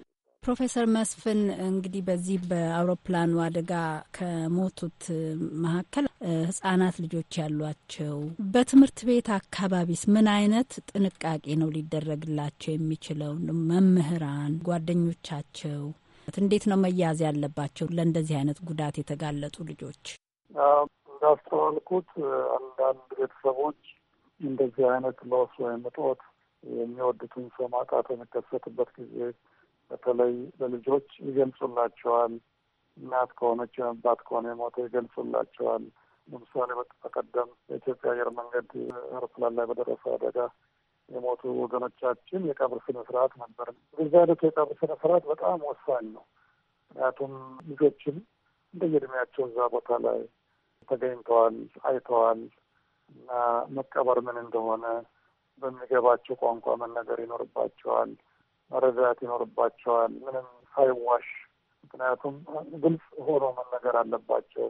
ፕሮፌሰር መስፍን እንግዲህ በዚህ በአውሮፕላኑ አደጋ ከሞቱት መካከል ህጻናት ልጆች ያሏቸው፣ በትምህርት ቤት አካባቢስ ምን አይነት ጥንቃቄ ነው ሊደረግላቸው የሚችለው? መምህራን፣ ጓደኞቻቸው እንዴት ነው መያዝ ያለባቸው ለእንደዚህ አይነት ጉዳት የተጋለጡ ልጆች? እንዳስተዋልኩት አንዳንድ ቤተሰቦች እንደዚህ አይነት ለውስ ወይም እጦት የሚወዱትን ሰው ማጣት የሚከሰትበት ጊዜ በተለይ ለልጆች ይገልጹላቸዋል። እናት ከሆነች ወይም አባት ከሆነ የሞተ ይገልጹላቸዋል። ለምሳሌ በቀደም በኢትዮጵያ አየር መንገድ አውሮፕላን ላይ በደረሰው አደጋ የሞቱ ወገኖቻችን የቀብር ስነ ስርዓት ነበር። በዚህ አይነት የቀብር ስነ ስርዓት በጣም ወሳኝ ነው። ምክንያቱም ልጆችም እንደየእድሜያቸው እዛ ቦታ ላይ ተገኝተዋል፣ አይተዋል እና መቀበር ምን እንደሆነ በሚገባቸው ቋንቋ መነገር ይኖርባቸዋል። መረዳት ይኖርባቸዋል። ምንም ሳይዋሽ ምክንያቱም ግልጽ ሆኖ መነገር አለባቸው።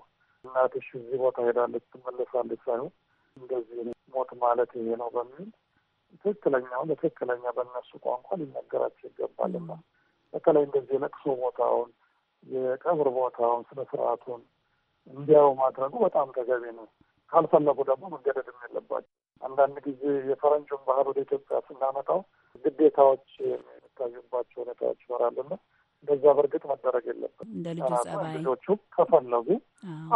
እናትሽ እዚህ ቦታ ሄዳለች ትመለሳለች ሳይሆን እንደዚህ ሞት ማለት ይሄ ነው በሚል ትክክለኛው በትክክለኛ በእነሱ ቋንቋ ሊነገራቸው ይገባልና በተለይ እንደዚህ የለቅሶ ቦታውን የቀብር ቦታውን ስነ ስርዓቱን እንዲያው ማድረጉ በጣም ተገቢ ነው። ካልፈለጉ ደግሞ መገደድም የለባቸው። አንዳንድ ጊዜ የፈረንጁን ባህል ወደ ኢትዮጵያ ስናመጣው ግዴታዎች የሚታዩባቸው ሁኔታዎች ይኖራሉና እንደዛ በእርግጥ መደረግ የለብን። እንደ ልጁ ጸባይ ልጆቹ ከፈለጉ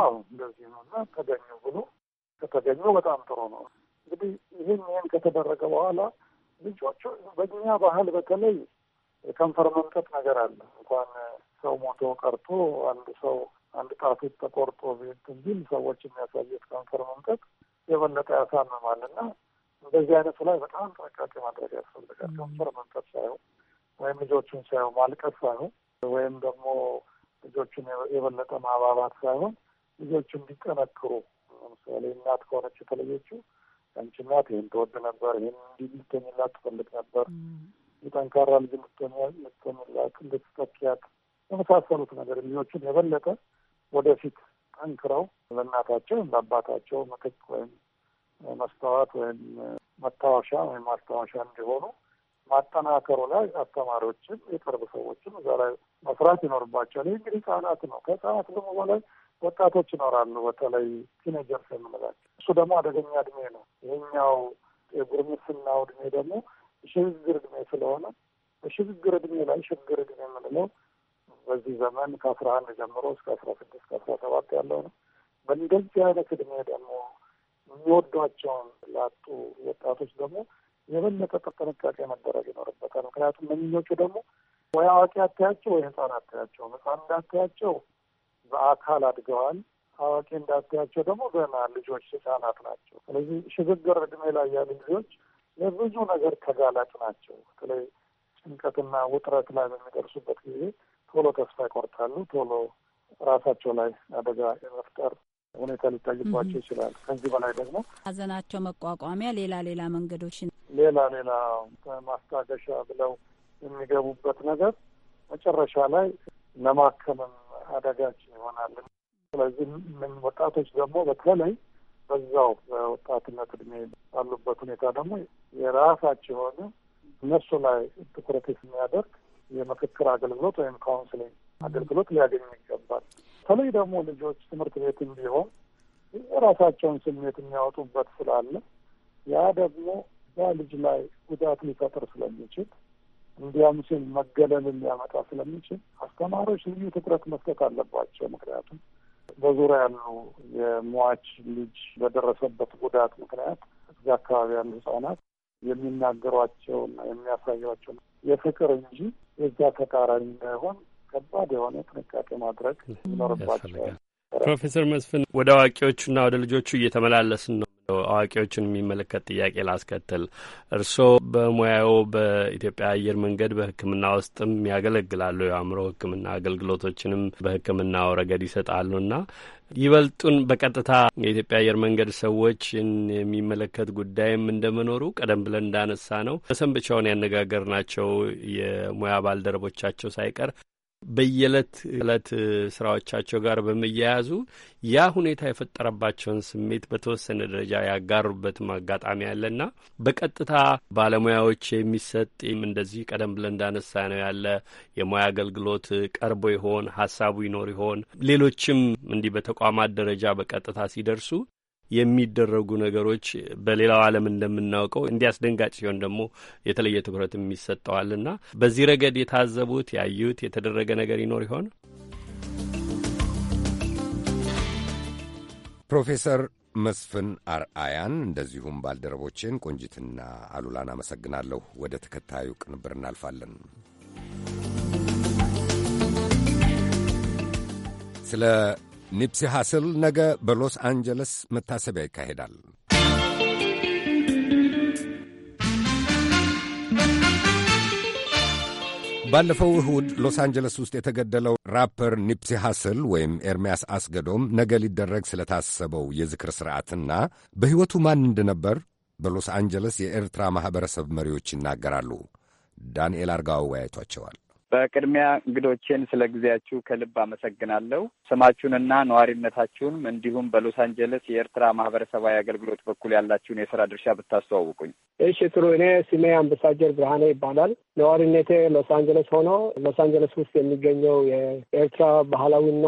አዎ እንደዚህ ነው እና ተገኙ ብሎ ከተገኙ በጣም ጥሩ ነው። እንግዲህ ይህን ይህን ከተደረገ በኋላ ልጆቹ በእኛ ባህል በተለይ ከንፈር መምጠት ነገር አለ። እንኳን ሰው ሞቶ ቀርቶ አንድ ሰው አንድ ጣቱ ተቆርጦ ቤት እንዲል ሰዎች የሚያሳየት ከንፈር መምጠት የበለጠ ያሳምማል እና በዚህ አይነቱ ላይ በጣም ጥንቃቄ ማድረግ ያስፈልጋል። ከንፈር መምጠት ሳይሆን ወይም ልጆቹን ሲያዩ ማልቀስ ሳይሆን ወይም ደግሞ ልጆቹን የበለጠ ማባባት ሳይሆን ልጆቹ እንዲጠነክሩ ለምሳሌ እናት ከሆነች የተለየችው አንቺ እናት ይህን ትወድ ነበር፣ ይህን እንዲህ ልትሆኝላት ትፈልግ ነበር፣ የጠንካራ ልጅ ልትሆኝላት እንድትተኪያት የመሳሰሉት ነገር ልጆቹን የበለጠ ወደፊት ጠንክረው ለእናታቸው ወይም ለአባታቸው ምትክ ወይም መስተዋት ወይም መታወሻ ወይም ማስታወሻ እንዲሆኑ ማጠናከሩ ላይ አስተማሪዎችም የቅርብ ሰዎችም እዛ ላይ መስራት ይኖርባቸዋል። ይህ እንግዲህ ህጻናት ነው። ከህጻናት ደግሞ በላይ ወጣቶች ይኖራሉ። በተለይ ቲኔጀርስ የምንላቸው እሱ ደግሞ አደገኛ እድሜ ነው። ይህኛው የጉርምስና እድሜ ደግሞ ሽግግር እድሜ ስለሆነ በሽግግር እድሜ ላይ ሽግግር እድሜ የምንለው በዚህ ዘመን ከአስራ አንድ ጀምሮ እስከ አስራ ስድስት ከአስራ ሰባት ያለው ነው። በእንደዚህ አይነት እድሜ ደግሞ የሚወዷቸውን ላጡ ወጣቶች ደግሞ የበለጠ ጥንቃቄ መደረግ ይኖርበታል። ምክንያቱም መኝኞቹ ደግሞ ወይ አዋቂ አታያቸው፣ ወይ ህፃን አታያቸው። ህፃን እንዳታያቸው በአካል አድገዋል። አዋቂ እንዳታያቸው ደግሞ ገና ልጆች ህፃናት ናቸው። ስለዚህ ሽግግር እድሜ ላይ ያሉ ልጆች ለብዙ ነገር ተጋላጭ ናቸው። በተለይ ጭንቀትና ውጥረት ላይ በሚደርሱበት ጊዜ ቶሎ ተስፋ ይቆርጣሉ። ቶሎ ራሳቸው ላይ አደጋ የመፍጠር ሁኔታ ሊታይባቸው ይችላል። ከዚህ በላይ ደግሞ ሀዘናቸው መቋቋሚያ ሌላ ሌላ መንገዶችን ሌላ ሌላ ማስታገሻ ብለው የሚገቡበት ነገር መጨረሻ ላይ ለማከምም አደጋች ይሆናል። ስለዚህ ምን ወጣቶች ደግሞ በተለይ በዛው በወጣትነት እድሜ ባሉበት ሁኔታ ደግሞ የራሳቸው የሆነ እነሱ ላይ ትኩረት የሚያደርግ የምክክር አገልግሎት ወይም ካውንስሊንግ አገልግሎት ሊያገኙ ይገባል። በተለይ ደግሞ ልጆች ትምህርት ቤትም ቢሆን የራሳቸውን ስሜት የሚያወጡበት ስላለ ያ ደግሞ ልጅ ላይ ጉዳት ሊፈጥር ስለሚችል እንዲያም ሲል መገለልን ሊያመጣ ስለሚችል አስተማሪዎች ልዩ ትኩረት መስጠት አለባቸው። ምክንያቱም በዙሪያ ያሉ የሟች ልጅ በደረሰበት ጉዳት ምክንያት እዚያ አካባቢ ያሉ ህጻናት የሚናገሯቸውና የሚያሳያቸው የፍቅር እንጂ የዛ ተቃራኒ እንዳይሆን ከባድ የሆነ ጥንቃቄ ማድረግ ይኖርባቸዋል። ፕሮፌሰር መስፍን ወደ አዋቂዎቹና ወደ ልጆቹ እየተመላለስን ነው። አዋቂዎችን የሚመለከት ጥያቄ ላስከትል። እርስዎ በሙያው በኢትዮጵያ አየር መንገድ በሕክምና ውስጥም ያገለግላሉ። የአእምሮ ሕክምና አገልግሎቶችንም በሕክምናው ረገድ ይሰጣሉና ይበልጡን በቀጥታ የኢትዮጵያ አየር መንገድ ሰዎችን የሚመለከት ጉዳይም እንደመኖሩ ቀደም ብለን እንዳነሳ ነው በሰንብቻውን ያነጋገርናቸው የሙያ ባልደረቦቻቸው ሳይቀር በየዕለት ዕለት ስራዎቻቸው ጋር በመያያዙ ያ ሁኔታ የፈጠረባቸውን ስሜት በተወሰነ ደረጃ ያጋሩበትም አጋጣሚ ያለና በቀጥታ ባለሙያዎች ም እንደዚህ ቀደም ብለን እንዳነሳ ነው ያለ የሙያ አገልግሎት ቀርቦ ይሆን ሀሳቡ ይኖር ይሆን ሌሎችም እንዲህ በተቋማት ደረጃ በቀጥታ ሲደርሱ የሚደረጉ ነገሮች በሌላው ዓለም እንደምናውቀው እንዲያስደንጋጭ ሲሆን ደግሞ የተለየ ትኩረትም እና በዚህ ረገድ የታዘቡት ያዩት የተደረገ ነገር ይኖር ይሆን? ፕሮፌሰር መስፍን አርአያን እንደዚሁም ባልደረቦቼን ቆንጂትና አሉላን አመሰግናለሁ። ወደ ተከታዩ ቅንብር እናልፋለን። ስለ ኒፕሲ ሐስል ነገ በሎስ አንጀለስ መታሰቢያ ይካሄዳል። ባለፈው እሁድ ሎስ አንጀለስ ውስጥ የተገደለው ራፐር ኒፕሲ ሐስል ወይም ኤርሚያስ አስገዶም ነገ ሊደረግ ስለታሰበው የዝክር ሥርዓትና በሕይወቱ ማን እንደነበር በሎስ አንጀለስ የኤርትራ ማኅበረሰብ መሪዎች ይናገራሉ። ዳንኤል አርጋው ወያይቷቸዋል። በቅድሚያ እንግዶቼን ስለ ጊዜያችሁ ከልብ አመሰግናለሁ። ስማችሁንና ነዋሪነታችሁንም እንዲሁም በሎስ አንጀለስ የኤርትራ ማህበረሰባዊ አገልግሎት በኩል ያላችሁን የስራ ድርሻ ብታስተዋውቁኝ። እሺ፣ ጥሩ። እኔ ስሜ አምባሳጀር ብርሃኔ ይባላል። ነዋሪነቴ ሎስ አንጀለስ ሆኖ ሎስ አንጀለስ ውስጥ የሚገኘው የኤርትራ ባህላዊና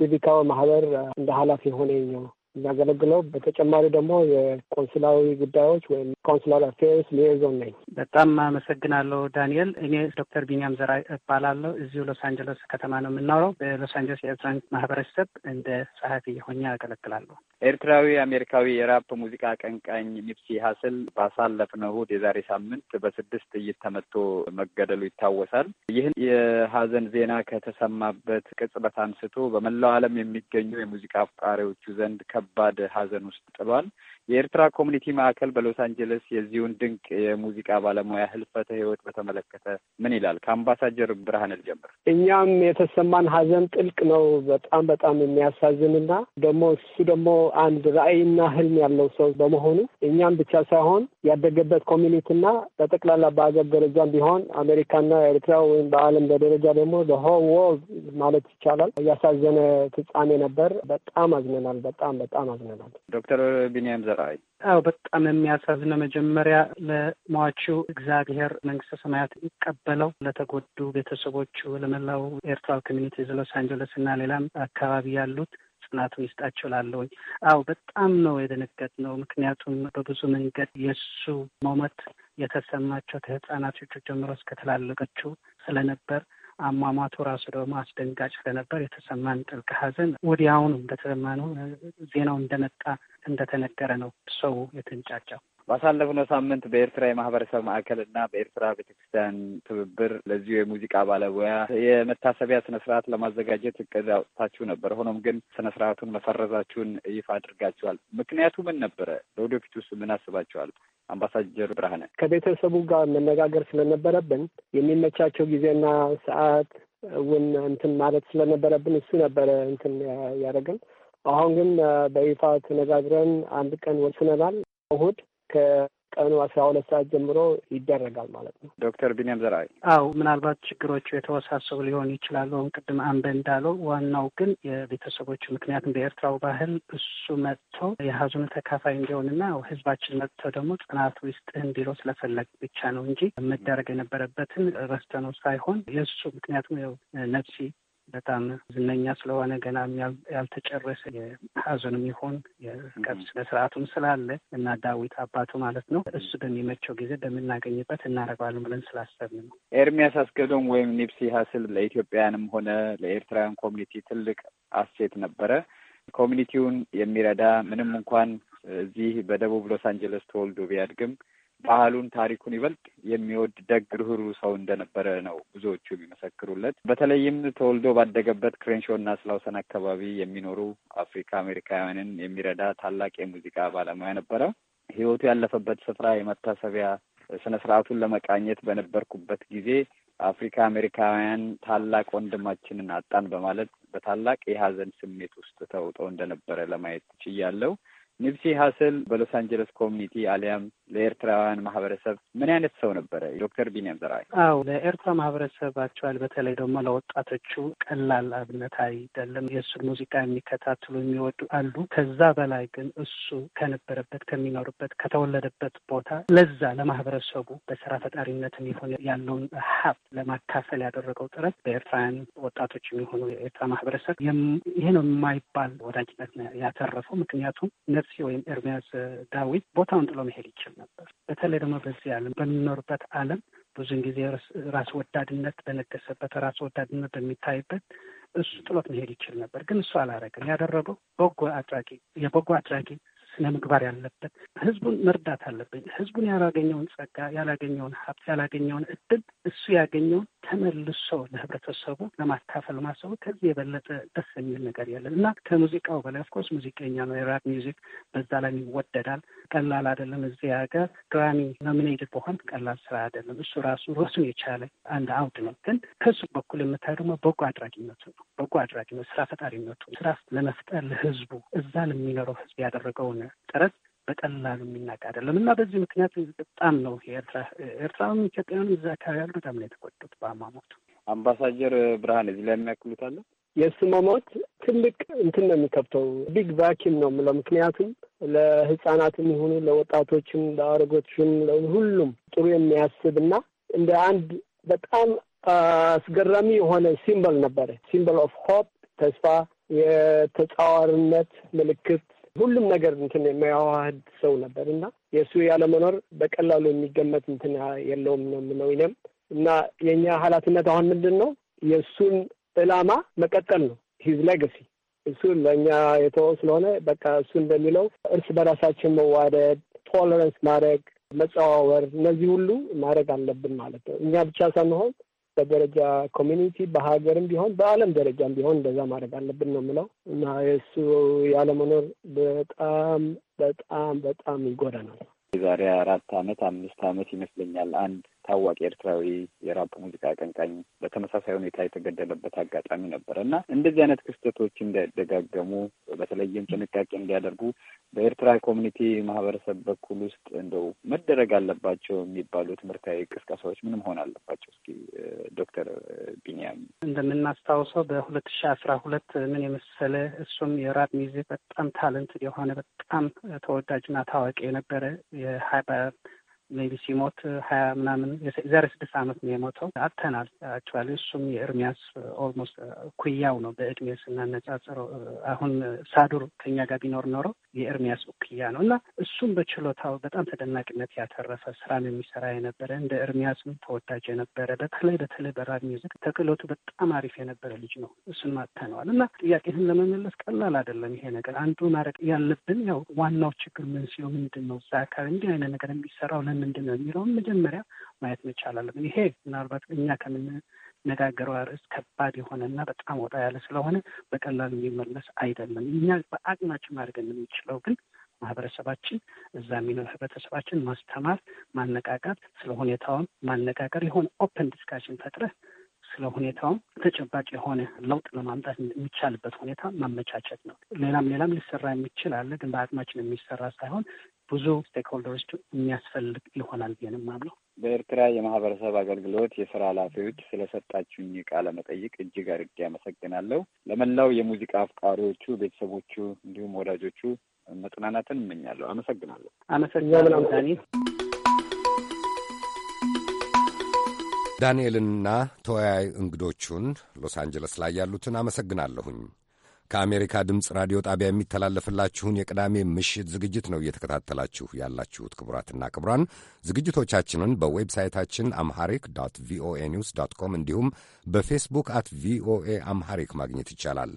ሲቪካዊ ማህበር እንደ ኃላፊ ሆነኝ ነው የሚያገለግለው። በተጨማሪ ደግሞ የቆንስላዊ ጉዳዮች ወይም ኮንስላር አፌርስ ሊኤዞን ነኝ። በጣም አመሰግናለሁ ዳንኤል። እኔ ዶክተር ቢኒያም ዘራ እባላለሁ። እዚሁ ሎስ አንጀለስ ከተማ ነው የምናውረው። በሎስ አንጀለስ የኤርትራን ማህበረሰብ እንደ ጸሐፊ የሆኜ አገለግላለሁ። ኤርትራዊ አሜሪካዊ የራፕ ሙዚቃ አቀንቃኝ ኒፕሲ ሀስል ባሳለፍነው እሑድ የዛሬ ሳምንት በስድስት ጥይት ተመቶ መገደሉ ይታወሳል። ይህን የሀዘን ዜና ከተሰማበት ቅጽበት አንስቶ በመላው ዓለም የሚገኙ የሙዚቃ አፍቃሪዎቹ ዘንድ ከ ከባድ ሀዘን ውስጥ ጥሏል። የኤርትራ ኮሚኒቲ ማዕከል በሎስ አንጀለስ የዚሁን ድንቅ የሙዚቃ ባለሙያ ህልፈተ ህይወት በተመለከተ ምን ይላል? ከአምባሳጀር ብርሃን ልጀምር። እኛም የተሰማን ሀዘን ጥልቅ ነው። በጣም በጣም የሚያሳዝንና ደግሞ እሱ ደግሞ አንድ ራዕይና ህልም ያለው ሰው በመሆኑ እኛም ብቻ ሳይሆን ያደገበት ኮሚኒቲና በጠቅላላ በአገር ደረጃም ቢሆን አሜሪካና ኤርትራ ወይም በዓለም በደረጃ ደግሞ ሆ ወርልድ ማለት ይቻላል ያሳዘነ ፍጻሜ ነበር። በጣም አዝነናል። በጣም በጣም አዝነናል። ዶክተር ቢኒያም ዘርአይ አዎ በጣም የሚያሳዝነ መጀመሪያ ለሟቹ እግዚአብሔር መንግስተ ሰማያት ይቀበለው። ለተጎዱ ቤተሰቦቹ፣ ለመላው ኤርትራ ኮሚኒቲ ሎስ አንጀለስ እና ሌላም አካባቢ ያሉት ጽናቱን ይስጣቸው ላለውኝ። አዎ በጣም ነው የደነገጥ ነው። ምክንያቱም በብዙ መንገድ የእሱ መሞት የተሰማቸው ከህፃናቶቹ ጀምሮ እስከተላለቀችው ስለነበር አሟሟቱ ራሱ ደግሞ አስደንጋጭ ስለነበር የተሰማን ጥልቅ ሐዘን ወዲያውኑ እንደተሰማነው ዜናው እንደመጣ እንደተነገረ ነው ሰው የተንጫጫው። ባሳለፍነው ሳምንት በኤርትራ የማህበረሰብ ማዕከልና በኤርትራ ቤተክርስቲያን ትብብር ለዚሁ የሙዚቃ ባለሙያ የመታሰቢያ ስነስርዓት ለማዘጋጀት እቅድ አውጥታችሁ ነበር። ሆኖም ግን ስነስርዓቱን መፈረዛችሁን ይፋ አድርጋችኋል። ምክንያቱ ምን ነበረ? ለወደፊት ውስጥ ምን አስባችኋል? አምባሳደር ብርሃነ ከቤተሰቡ ጋር መነጋገር ስለነበረብን የሚመቻቸው ጊዜና ሰዓት እውን እንትን ማለት ስለነበረብን እሱ ነበረ እንትን ያደረግን። አሁን ግን በይፋ ተነጋግረን አንድ ቀን ወስነናል። እሁድ ከቀኑ አስራ ሁለት ሰዓት ጀምሮ ይደረጋል ማለት ነው። ዶክተር ቢኒያም ዘርአይ አው ምናልባት ችግሮቹ የተወሳሰቡ ሊሆን ይችላሉ። አሁን ቅድም አንበ እንዳለው ዋናው ግን የቤተሰቦቹ ምክንያትም በኤርትራው ባህል እሱ መጥቶ የሀዘኑ ተካፋይ እንዲሆንና ህዝባችን መጥቶ ደግሞ ጥናቱ ውስጥ እንዲለው ስለፈለግ ብቻ ነው እንጂ መደረግ የነበረበትን ረስተነው ሳይሆን የእሱ ምክንያቱም ነፍሲ በጣም ዝነኛ ስለሆነ ገና ያልተጨረሰ የሀዘንም ይሆን የቀብር ስነስርዓቱም ስላለ እና ዳዊት አባቱ ማለት ነው እሱ በሚመቸው ጊዜ በምናገኝበት እናደርገዋለን ብለን ስላሰብን ነው። ኤርሚያስ አስገዶም ወይም ኒፕሲ ሀስል ለኢትዮጵያውያንም ሆነ ለኤርትራውያን ኮሚኒቲ ትልቅ አሴት ነበረ። ኮሚኒቲውን የሚረዳ ምንም እንኳን እዚህ በደቡብ ሎስ አንጀለስ ተወልዶ ቢያድግም ባህሉን፣ ታሪኩን ይበልጥ የሚወድ ደግ፣ ርህሩ ሰው እንደነበረ ነው ብዙዎቹ የሚመሰክሩለት። በተለይም ተወልዶ ባደገበት ክሬንሾና ስላውሰን አካባቢ የሚኖሩ አፍሪካ አሜሪካውያንን የሚረዳ ታላቅ የሙዚቃ ባለሙያ ነበረ። ህይወቱ ያለፈበት ስፍራ የመታሰቢያ ስነ ስርዓቱን ለመቃኘት በነበርኩበት ጊዜ አፍሪካ አሜሪካውያን ታላቅ ወንድማችንን አጣን በማለት በታላቅ የሀዘን ስሜት ውስጥ ተውጠው እንደነበረ ለማየት ችያለው። ኒፕሲ ሀስል በሎስ አንጀለስ ኮሚኒቲ አሊያም ለኤርትራውያን ማህበረሰብ ምን አይነት ሰው ነበረ ዶክተር ቢኒያም ዘርአይ? አዎ ለኤርትራ ማህበረሰብ አክቹዋሊ በተለይ ደግሞ ለወጣቶቹ ቀላል አብነት አይደለም። የእሱን ሙዚቃ የሚከታትሉ የሚወዱ አሉ። ከዛ በላይ ግን እሱ ከነበረበት ከሚኖርበት ከተወለደበት ቦታ ለዛ ለማህበረሰቡ በስራ ፈጣሪነት የሚሆን ያለውን ሀብት ለማካፈል ያደረገው ጥረት በኤርትራውያን ወጣቶች የሚሆኑ የኤርትራ ማህበረሰብ ይሄ ነው የማይባል ወዳጅነት ያተረፈው። ምክንያቱም ነፍሲ ወይም ኤርሚያስ ዳዊት ቦታውን ጥሎ መሄድ ይችል ነበር። በተለይ ደግሞ በዚህ ዓለም በሚኖርበት ዓለም ብዙን ጊዜ ራስ ወዳድነት በነገሰበት፣ ራስ ወዳድነት በሚታይበት እሱ ጥሎት መሄድ ይችል ነበር፣ ግን እሱ አላረገም። ያደረገው በጎ አድራጊ የበጎ አድራጊ ስነ ምግባር ያለበት ህዝቡን መርዳት አለብኝ። ህዝቡን ያላገኘውን ጸጋ፣ ያላገኘውን ሀብት፣ ያላገኘውን እድል እሱ ያገኘውን ተመልሶ ለህብረተሰቡ ለማካፈል ማሰቡ ከዚህ የበለጠ ደስ የሚል ነገር የለም እና ከሙዚቃው በላይ ኦፍኮርስ ሙዚቀኛ ነው። የራፕ ሚዚክ በዛ ላይ ይወደዳል። ቀላል አይደለም። እዚህ ሀገር ግራሚ ኖሚኔትድ በሆን ቀላል ስራ አይደለም። እሱ ራሱ ራሱን የቻለ አንድ አውድ ነው። ግን ከሱ በኩል የምታዩ ደግሞ በጎ አድራጊነቱ ነው። በጎ አድራጊነት ስራ ፈጣሪነቱ ስራ ለመፍጠር ለህዝቡ እዛ ለሚኖረው ህዝብ ያደረገውን የሆነ ጥረት በቀላሉ የሚናቅ አይደለም እና በዚህ ምክንያት በጣም ነው ኤርትራ ኤርትራም ኢትዮጵያውያንም እዛ አካባቢ ያሉ በጣም ነው የተቆጡት በአሟሟቱ። አምባሳደር ብርሃን እዚህ ላይ የሚያክሉታለ የእሱ መሞት ትልቅ እንትን ነው የሚከብተው ቢግ ቫኪም ነው የምለው ምክንያቱም ለህጻናትም ይሁኑ ለወጣቶችም፣ ለአረጎችም፣ ሁሉም ጥሩ የሚያስብ እና እንደ አንድ በጣም አስገራሚ የሆነ ሲምበል ነበረ። ሲምበል ኦፍ ሆፕ ተስፋ፣ የተጻዋርነት ምልክት ሁሉም ነገር እንትን የሚያዋህድ ሰው ነበር እና የእሱ ያለመኖር በቀላሉ የሚገመት እንትን የለውም ነው የምለው እኔም እና የእኛ ኃላፊነት አሁን ምንድን ነው የእሱን ዕላማ መቀጠል ነው ሂዝ ሌገሲ እሱ ለእኛ የተወው ስለሆነ በቃ እሱ እንደሚለው እርስ በራሳችን መዋደድ፣ ቶለረንስ ማድረግ፣ መጸዋወር እነዚህ ሁሉ ማድረግ አለብን ማለት ነው። እኛ ብቻ ሳንሆን በደረጃ ኮሚኒቲ፣ በሀገርም ቢሆን በዓለም ደረጃም ቢሆን እንደዛ ማድረግ አለብን ነው የምለው እና የእሱ ያለመኖር በጣም በጣም በጣም ይጎዳናል። የዛሬ አራት አመት አምስት አመት ይመስለኛል አንድ ታዋቂ ኤርትራዊ የራፕ ሙዚቃ አቀንቃኝ በተመሳሳይ ሁኔታ የተገደለበት አጋጣሚ ነበር እና እንደዚህ አይነት ክስተቶች እንዳይደጋገሙ በተለይም ጥንቃቄ እንዲያደርጉ በኤርትራ ኮሚኒቲ ማህበረሰብ በኩል ውስጥ እንደው መደረግ አለባቸው የሚባሉ ትምህርታዊ ቅስቀሳዎች ምን መሆን አለባቸው? እስኪ ዶክተር ቢኒያም እንደምናስታውሰው በሁለት ሺ አስራ ሁለት ምን የመሰለ እሱም የራፕ ሚዚክ በጣም ታለንት የሆነ በጣም ተወዳጅና ታዋቂ የነበረ የሀይባ ሜቢ ሲሞት ሀያ ምናምን የዛሬ ስድስት ዓመት ነው የሞተው። አጥተናል። አክቹዋሊ እሱም የእርሚያስ ኦልሞስት እኩያው ነው በእድሜ ስናነጻጽረው። አሁን ሳዱር ከኛ ጋር ቢኖር ኖሮ የእርሚያስ እኩያ ነው እና እሱም በችሎታው በጣም ተደናቂነት ያተረፈ ስራን የሚሰራ የነበረ እንደ እርሚያስም ተወዳጅ የነበረ በተለይ በተለይ በራድ ሚውዚክ ተክሎቱ በጣም አሪፍ የነበረ ልጅ ነው። እሱን ማጥተነዋል እና ጥያቄህን ለመመለስ ቀላል አይደለም ይሄ ነገር። አንዱ ማድረግ ያለብን ያው ዋናው ችግር ምን ሲሆን ምንድን ነው እዛ አካባቢ እንዲህ አይነት ነገር የሚሰራው ለ ምንድን ነው የሚለውን መጀመሪያ ማየት መቻል አለብን። ይሄ ምናልባት እኛ ከምንነጋገረው ርዕስ ከባድ የሆነና በጣም ወጣ ያለ ስለሆነ በቀላሉ የሚመለስ አይደለም። እኛ በአቅማችን ማድረግ የምንችለው ግን ማህበረሰባችን እዛ የሚኖር ህብረተሰባችን ማስተማር፣ ማነቃቃት፣ ስለ ሁኔታውን ማነቃቀር የሆነ ኦፕን ዲስካሽን ፈጥረህ ስለ ሁኔታውም ተጨባጭ የሆነ ለውጥ ለማምጣት የሚቻልበት ሁኔታ ማመቻቸት ነው። ሌላም ሌላም ሊሰራ የሚችል አለ፣ ግን በአቅማችን የሚሰራ ሳይሆን ብዙ ስቴክሆልደሮች የሚያስፈልግ ይሆናል ብዬ አምነው። በኤርትራ የማህበረሰብ አገልግሎት የስራ ኃላፊዎች ስለሰጣችሁኝ ቃለ መጠይቅ እጅግ አድርጌ አመሰግናለሁ። ለመላው የሙዚቃ አፍቃሪዎቹ፣ ቤተሰቦቹ እንዲሁም ወዳጆቹ መጽናናትን እመኛለሁ። አመሰግናለሁ። አመሰግናለሁ ዳኒ። ዳንኤልንና ተወያይ እንግዶቹን ሎስ አንጀለስ ላይ ያሉትን አመሰግናለሁኝ። ከአሜሪካ ድምፅ ራዲዮ ጣቢያ የሚተላለፍላችሁን የቅዳሜ ምሽት ዝግጅት ነው እየተከታተላችሁ ያላችሁት። ክቡራትና ክቡራን ዝግጅቶቻችንን በዌብሳይታችን አምሃሪክ ዶት ቪኦኤ ኒውስ ዶት ኮም እንዲሁም በፌስቡክ አት ቪኦኤ አምሃሪክ ማግኘት ይቻላል።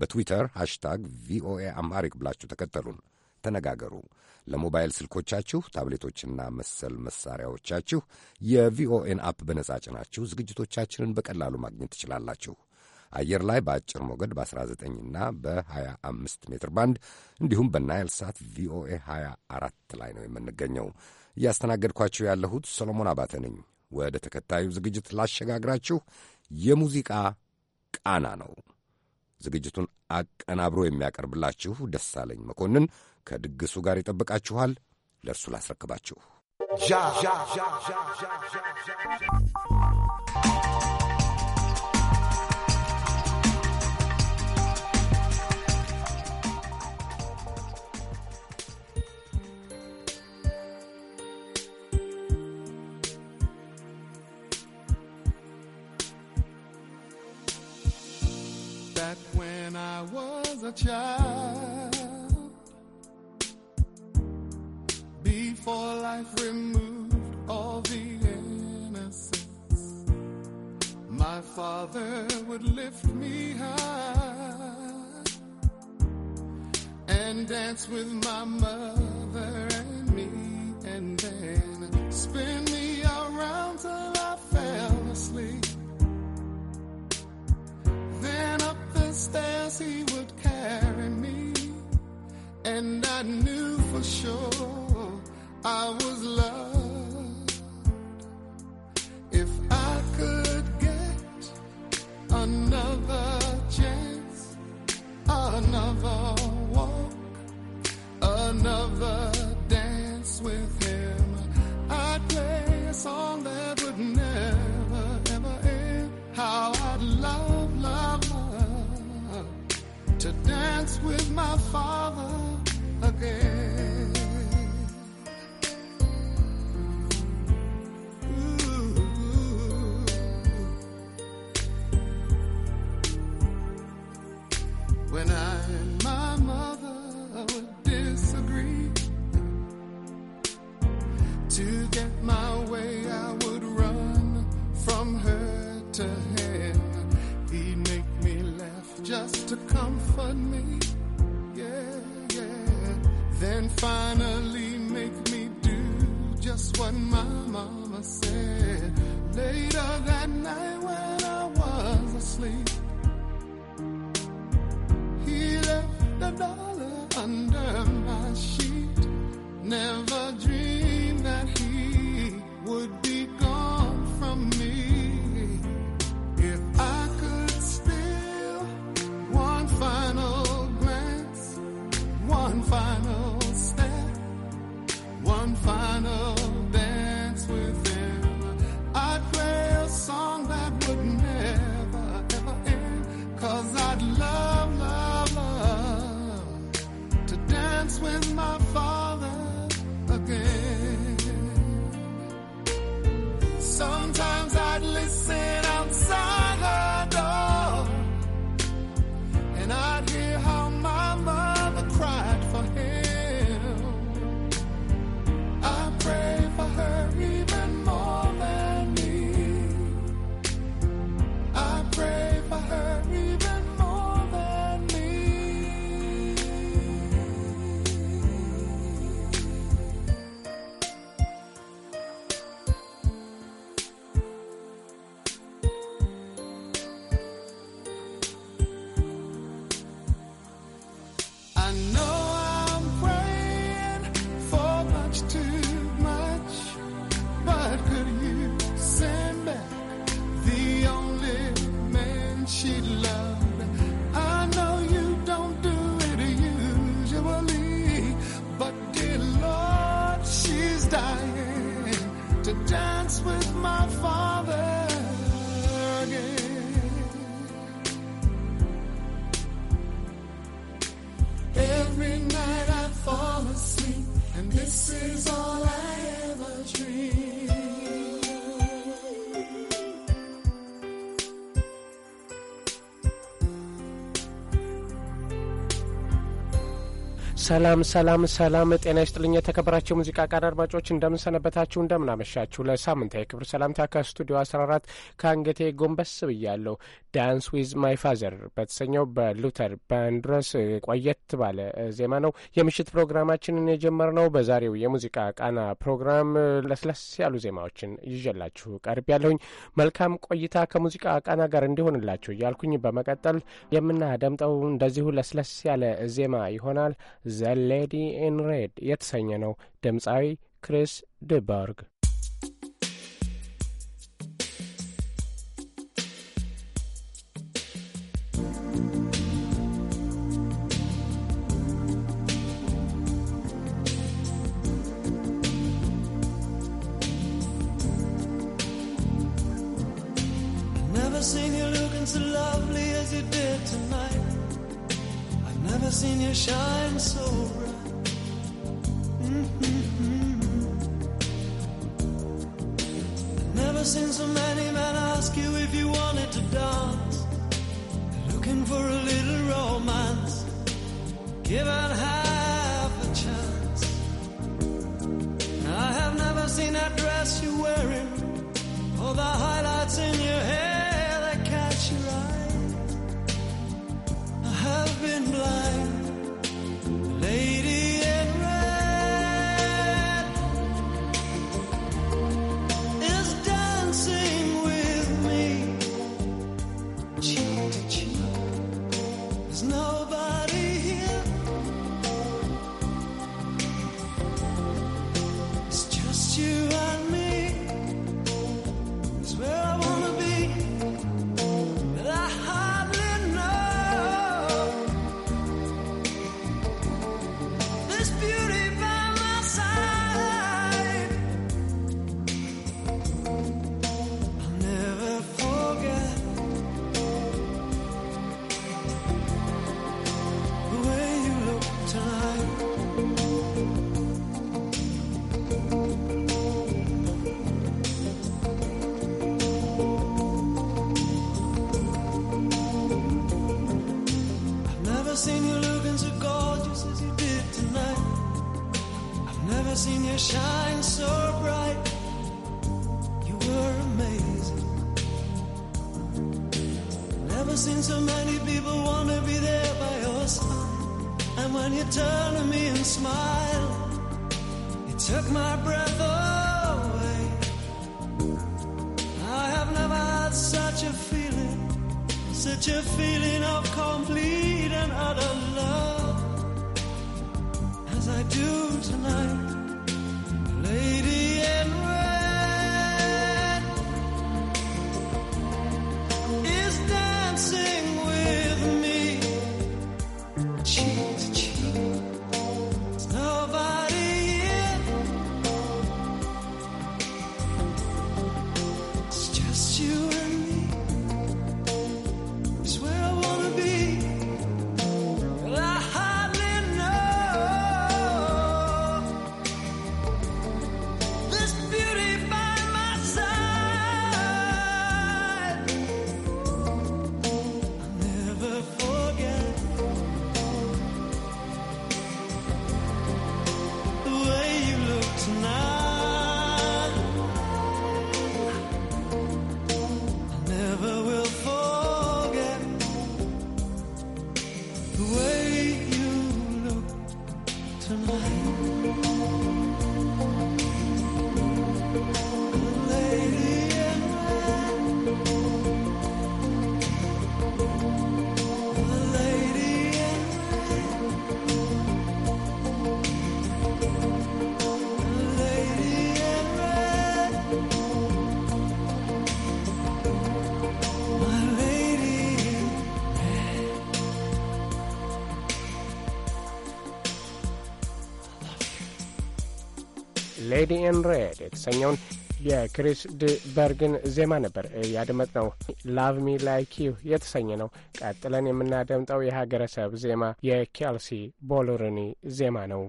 በትዊተር ሃሽታግ ቪኦኤ አምሃሪክ ብላችሁ ተከተሉን። ተነጋገሩ። ለሞባይል ስልኮቻችሁ፣ ታብሌቶችና መሰል መሳሪያዎቻችሁ የቪኦኤን አፕ በነጻ ጭናችሁ ዝግጅቶቻችንን በቀላሉ ማግኘት ትችላላችሁ። አየር ላይ በአጭር ሞገድ በ19ና በ25 ሜትር ባንድ እንዲሁም በናይል ሳት ቪኦኤ 24 ላይ ነው የምንገኘው። እያስተናገድኳችሁ ያለሁት ሰሎሞን አባተ ነኝ። ወደ ተከታዩ ዝግጅት ላሸጋግራችሁ። የሙዚቃ ቃና ነው። ዝግጅቱን አቀናብሮ የሚያቀርብላችሁ ደሳለኝ መኮንን ከድግሱ ጋር ይጠብቃችኋል። ለእርሱ ላስረክባችሁ። Back when I was a child for life removed all the innocence. My father would lift me high and dance with my mother and me, and then spin me around till I fell asleep. Then up the stairs he would carry me, and I knew for sure. I was loved. If I could get another chance, another walk, another dance with him, I'd play a song that would never ever end. How I'd love, love, love to dance with my father again. to comfort me. Yeah, yeah. Then finally make me do just what my mama said. Later that night. ሰላም ሰላም ሰላም፣ ጤና ይስጥልኝ። የተከበራቸው ሙዚቃ ቃና አድማጮች እንደምንሰነበታችሁ፣ እንደምናመሻችሁ። ለሳምንታዊ ክብር ሰላምታ ከስቱዲዮ 14 ከአንገቴ ጎንበስ ብያለሁ። ዳንስ ዊዝ ማይ ፋዘር በተሰኘው በሉተር በንድረስ ቆየት ባለ ዜማ ነው የምሽት ፕሮግራማችንን የጀመርነው። በዛሬው የሙዚቃ ቃና ፕሮግራም ለስለስ ያሉ ዜማዎችን ይዤላችሁ ቀርብ ያለሁኝ። መልካም ቆይታ ከሙዚቃ ቃና ጋር እንዲሆንላችሁ እያልኩኝ በመቀጠል የምናደምጠው እንደዚሁ ለስለስ ያለ ዜማ ይሆናል። ዘ ሌዲ ኢን ሬድ የተሰኘ ነው። ድምፃዊ ክሪስ ድበርግ Seen you looking so lovely as you did ever seen you shine so bright. Mm-hmm. Never seen so many men ask you if you wanted to dance. Looking for a little romance. Give out half a chance. I have never seen that dress you're wearing, or the highlights in your hair that catch your eye. I've been blind. Lady ሬዲኤን ሬድ የተሰኘውን የክሪስ ድ በርግን ዜማ ነበር ያደመጥ ነው። ላቭ ሚ ላይክ ዩ የተሰኘ ነው። ቀጥለን የምናደምጠው የሀገረሰብ ዜማ የኬልሲ ቦሎርኒ ዜማ ነው።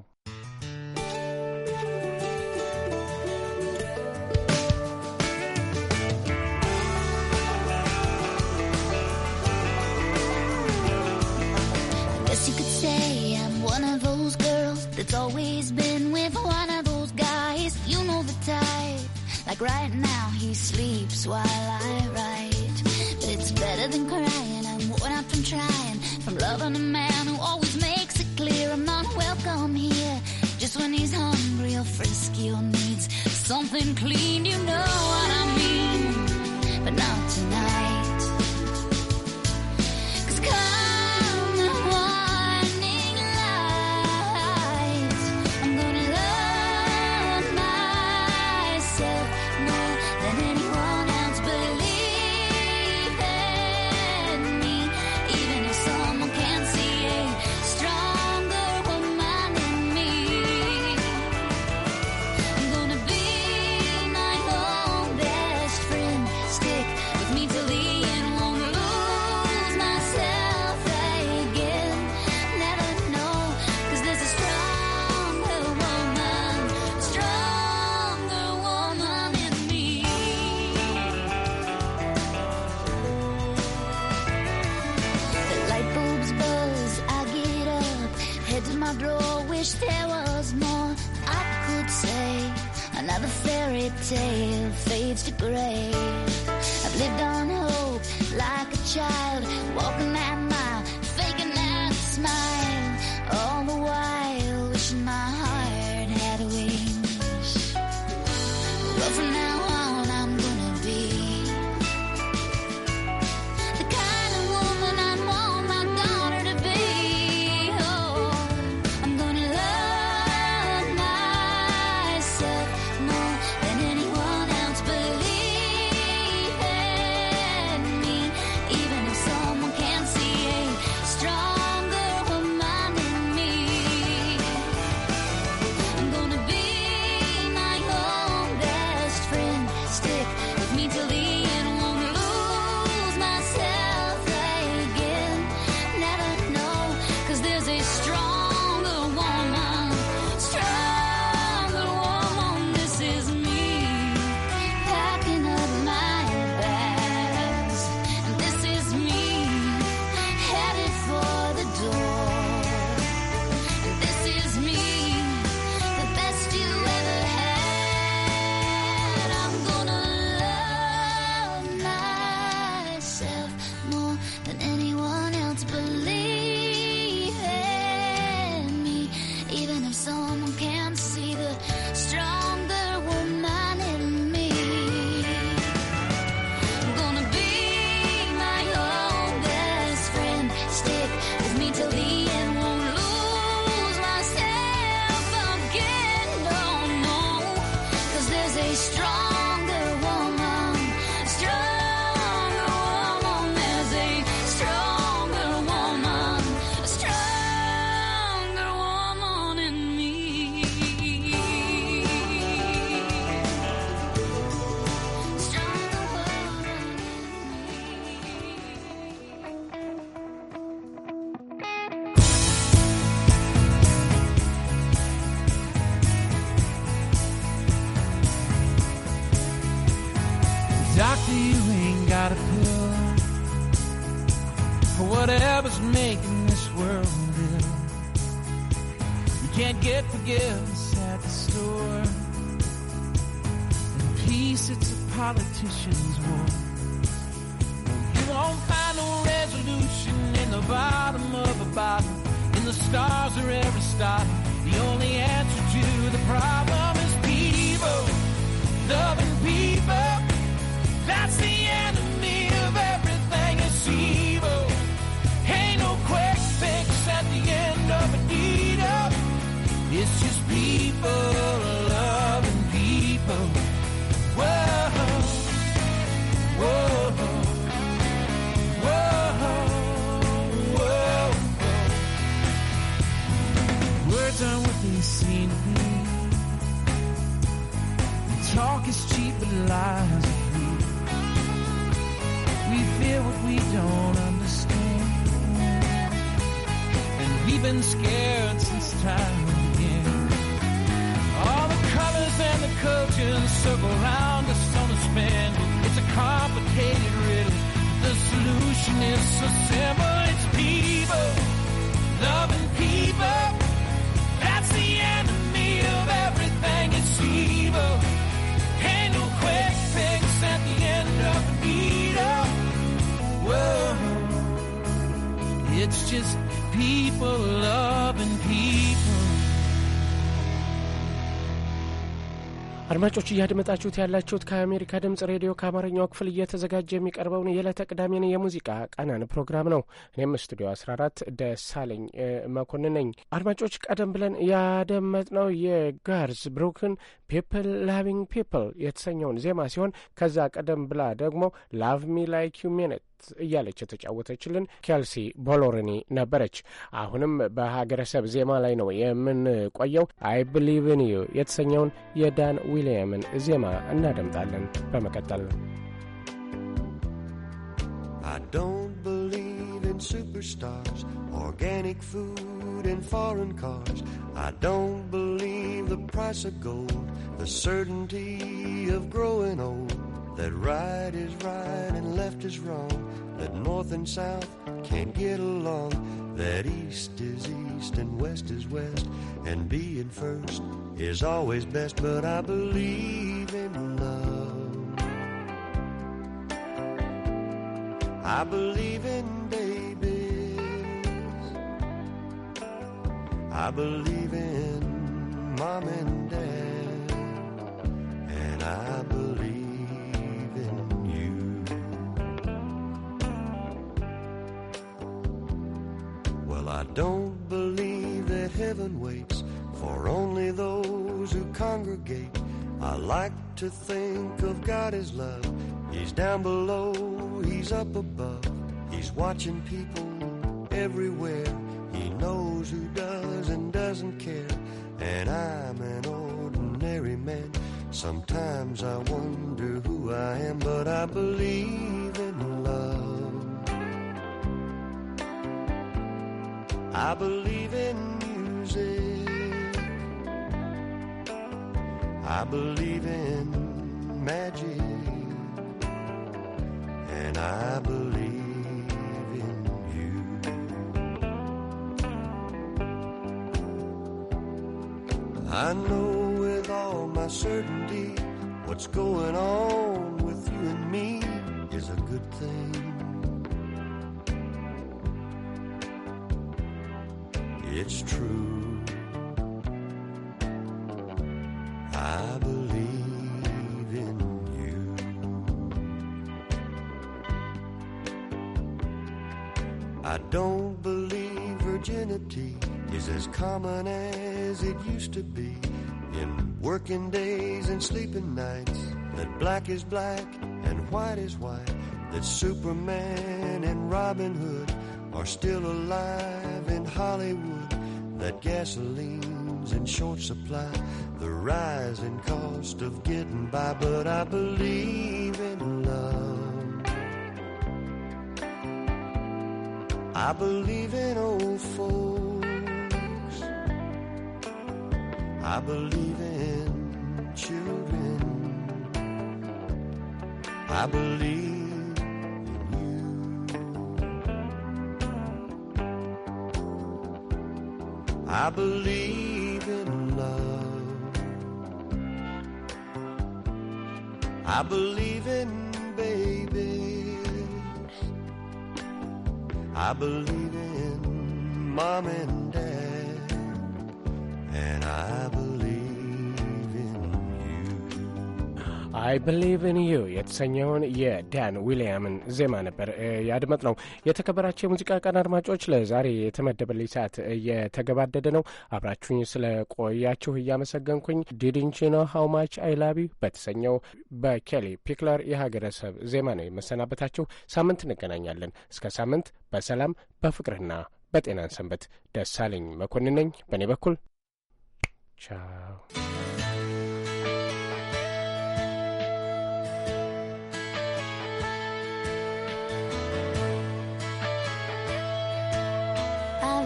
Like right now, he sleeps while I write. But it's better than crying. I'm worn out from trying, from loving a man who always makes it clear I'm not welcome here. Just when he's hungry or frisky or needs something clean, you know what I'm. አድማጮች እያደመጣችሁት ያላችሁት ከአሜሪካ ድምጽ ሬዲዮ ከአማርኛው ክፍል እየተዘጋጀ የሚቀርበውን የዕለተ ቅዳሜን የሙዚቃ ቀናን ፕሮግራም ነው። እኔም ስቱዲዮ 14 ደሳለኝ መኮንን ነኝ። አድማጮች ቀደም ብለን ያደመጥነው የጋርዝ ብሩክን ፒፕል ላቪንግ ፒፕል የተሰኘውን ዜማ ሲሆን ከዛ ቀደም ብላ ደግሞ ላቭ ሚ ላይክ ዩ ሚኒት ሁለት እያለች የተጫወተችልን ኬልሲ ቦሎርኒ ነበረች። አሁንም በሀገረሰብ ዜማ ላይ ነው የምንቆየው። አይ ብሊቭ ዩ የተሰኘውን የዳን ዊልያምን ዜማ እናደምጣለን። በመቀጠል ነው Superstars, organic food, and foreign cars. I don't believe the price of gold, the certainty of growing old. That right is right and left is wrong. That north and south can't get along. That east is east and west is west. And being first is always best. But I believe in love. I believe in babies. I believe in mom and dad. congregate. I like to think of God as love. He's down below, he's up above. He's watching people everywhere. He knows who does and doesn't care. And I'm an ordinary man. Sometimes I wonder who I am, but I believe in love. I believe in I believe in magic, and I believe in you. I know with all my certainty what's going on with you and me is a good thing. humility is as common as it used to be. In working days and sleeping nights, that black is black and white is white, that Superman and Robin Hood are still alive in Hollywood, that gasoline's in short supply, the rising cost of getting by, but I believe in I believe in old folks. I believe in children. I believe. in you. I believe in love. I believe. I believe in mom and አይ ብሊቭ ኢን ዩ የተሰኘውን የዳን ዊሊያምን ዜማ ነበር ያድመጥ ነው። የተከበራቸው የሙዚቃ ቀን አድማጮች፣ ለዛሬ የተመደበልኝ ሰዓት እየተገባደደ ነው። አብራችሁኝ ስለ ቆያችሁ እያመሰገንኩኝ ዲድንቺ ነው ሀው ማች አይ ላቭ ዩ በተሰኘው በኬሊ ፒክለር የሀገረሰብ ዜማ ነው የመሰናበታችሁ። ሳምንት እንገናኛለን። እስከ ሳምንት በሰላም በፍቅርና በጤናን ሰንበት። ደሳለኝ መኮንን ነኝ በእኔ በኩል ቻው።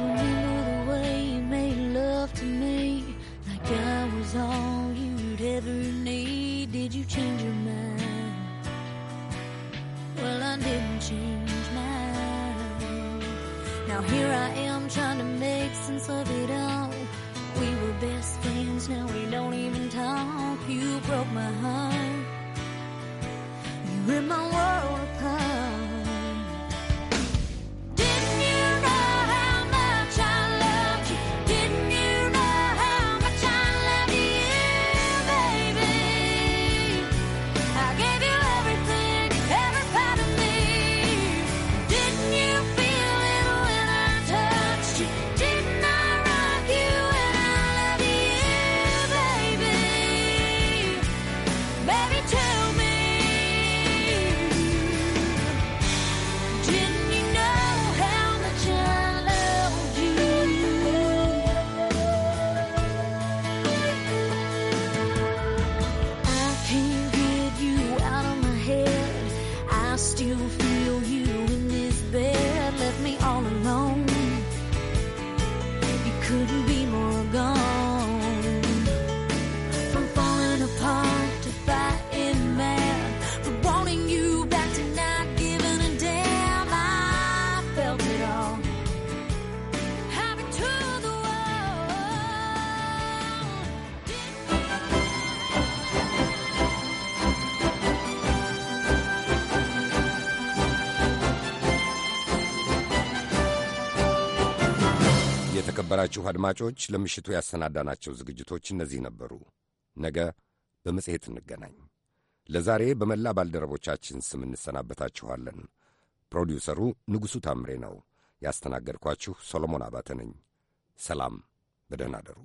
you the way you made love to me like I was all you'd ever need. Did you change your mind? Well, I didn't change mine. Now here I am trying to make sense of it all. We were best friends, now we don't even talk. You broke my heart. You ripped my world apart. የተከበራችሁ አድማጮች ለምሽቱ ያሰናዳናቸው ዝግጅቶች እነዚህ ነበሩ። ነገ በመጽሔት እንገናኝ። ለዛሬ በመላ ባልደረቦቻችን ስም እንሰናበታችኋለን። ፕሮዲውሰሩ ንጉሡ ታምሬ ነው። ያስተናገድኳችሁ ሶሎሞን አባተ ነኝ። ሰላም፣ በደህና አደሩ።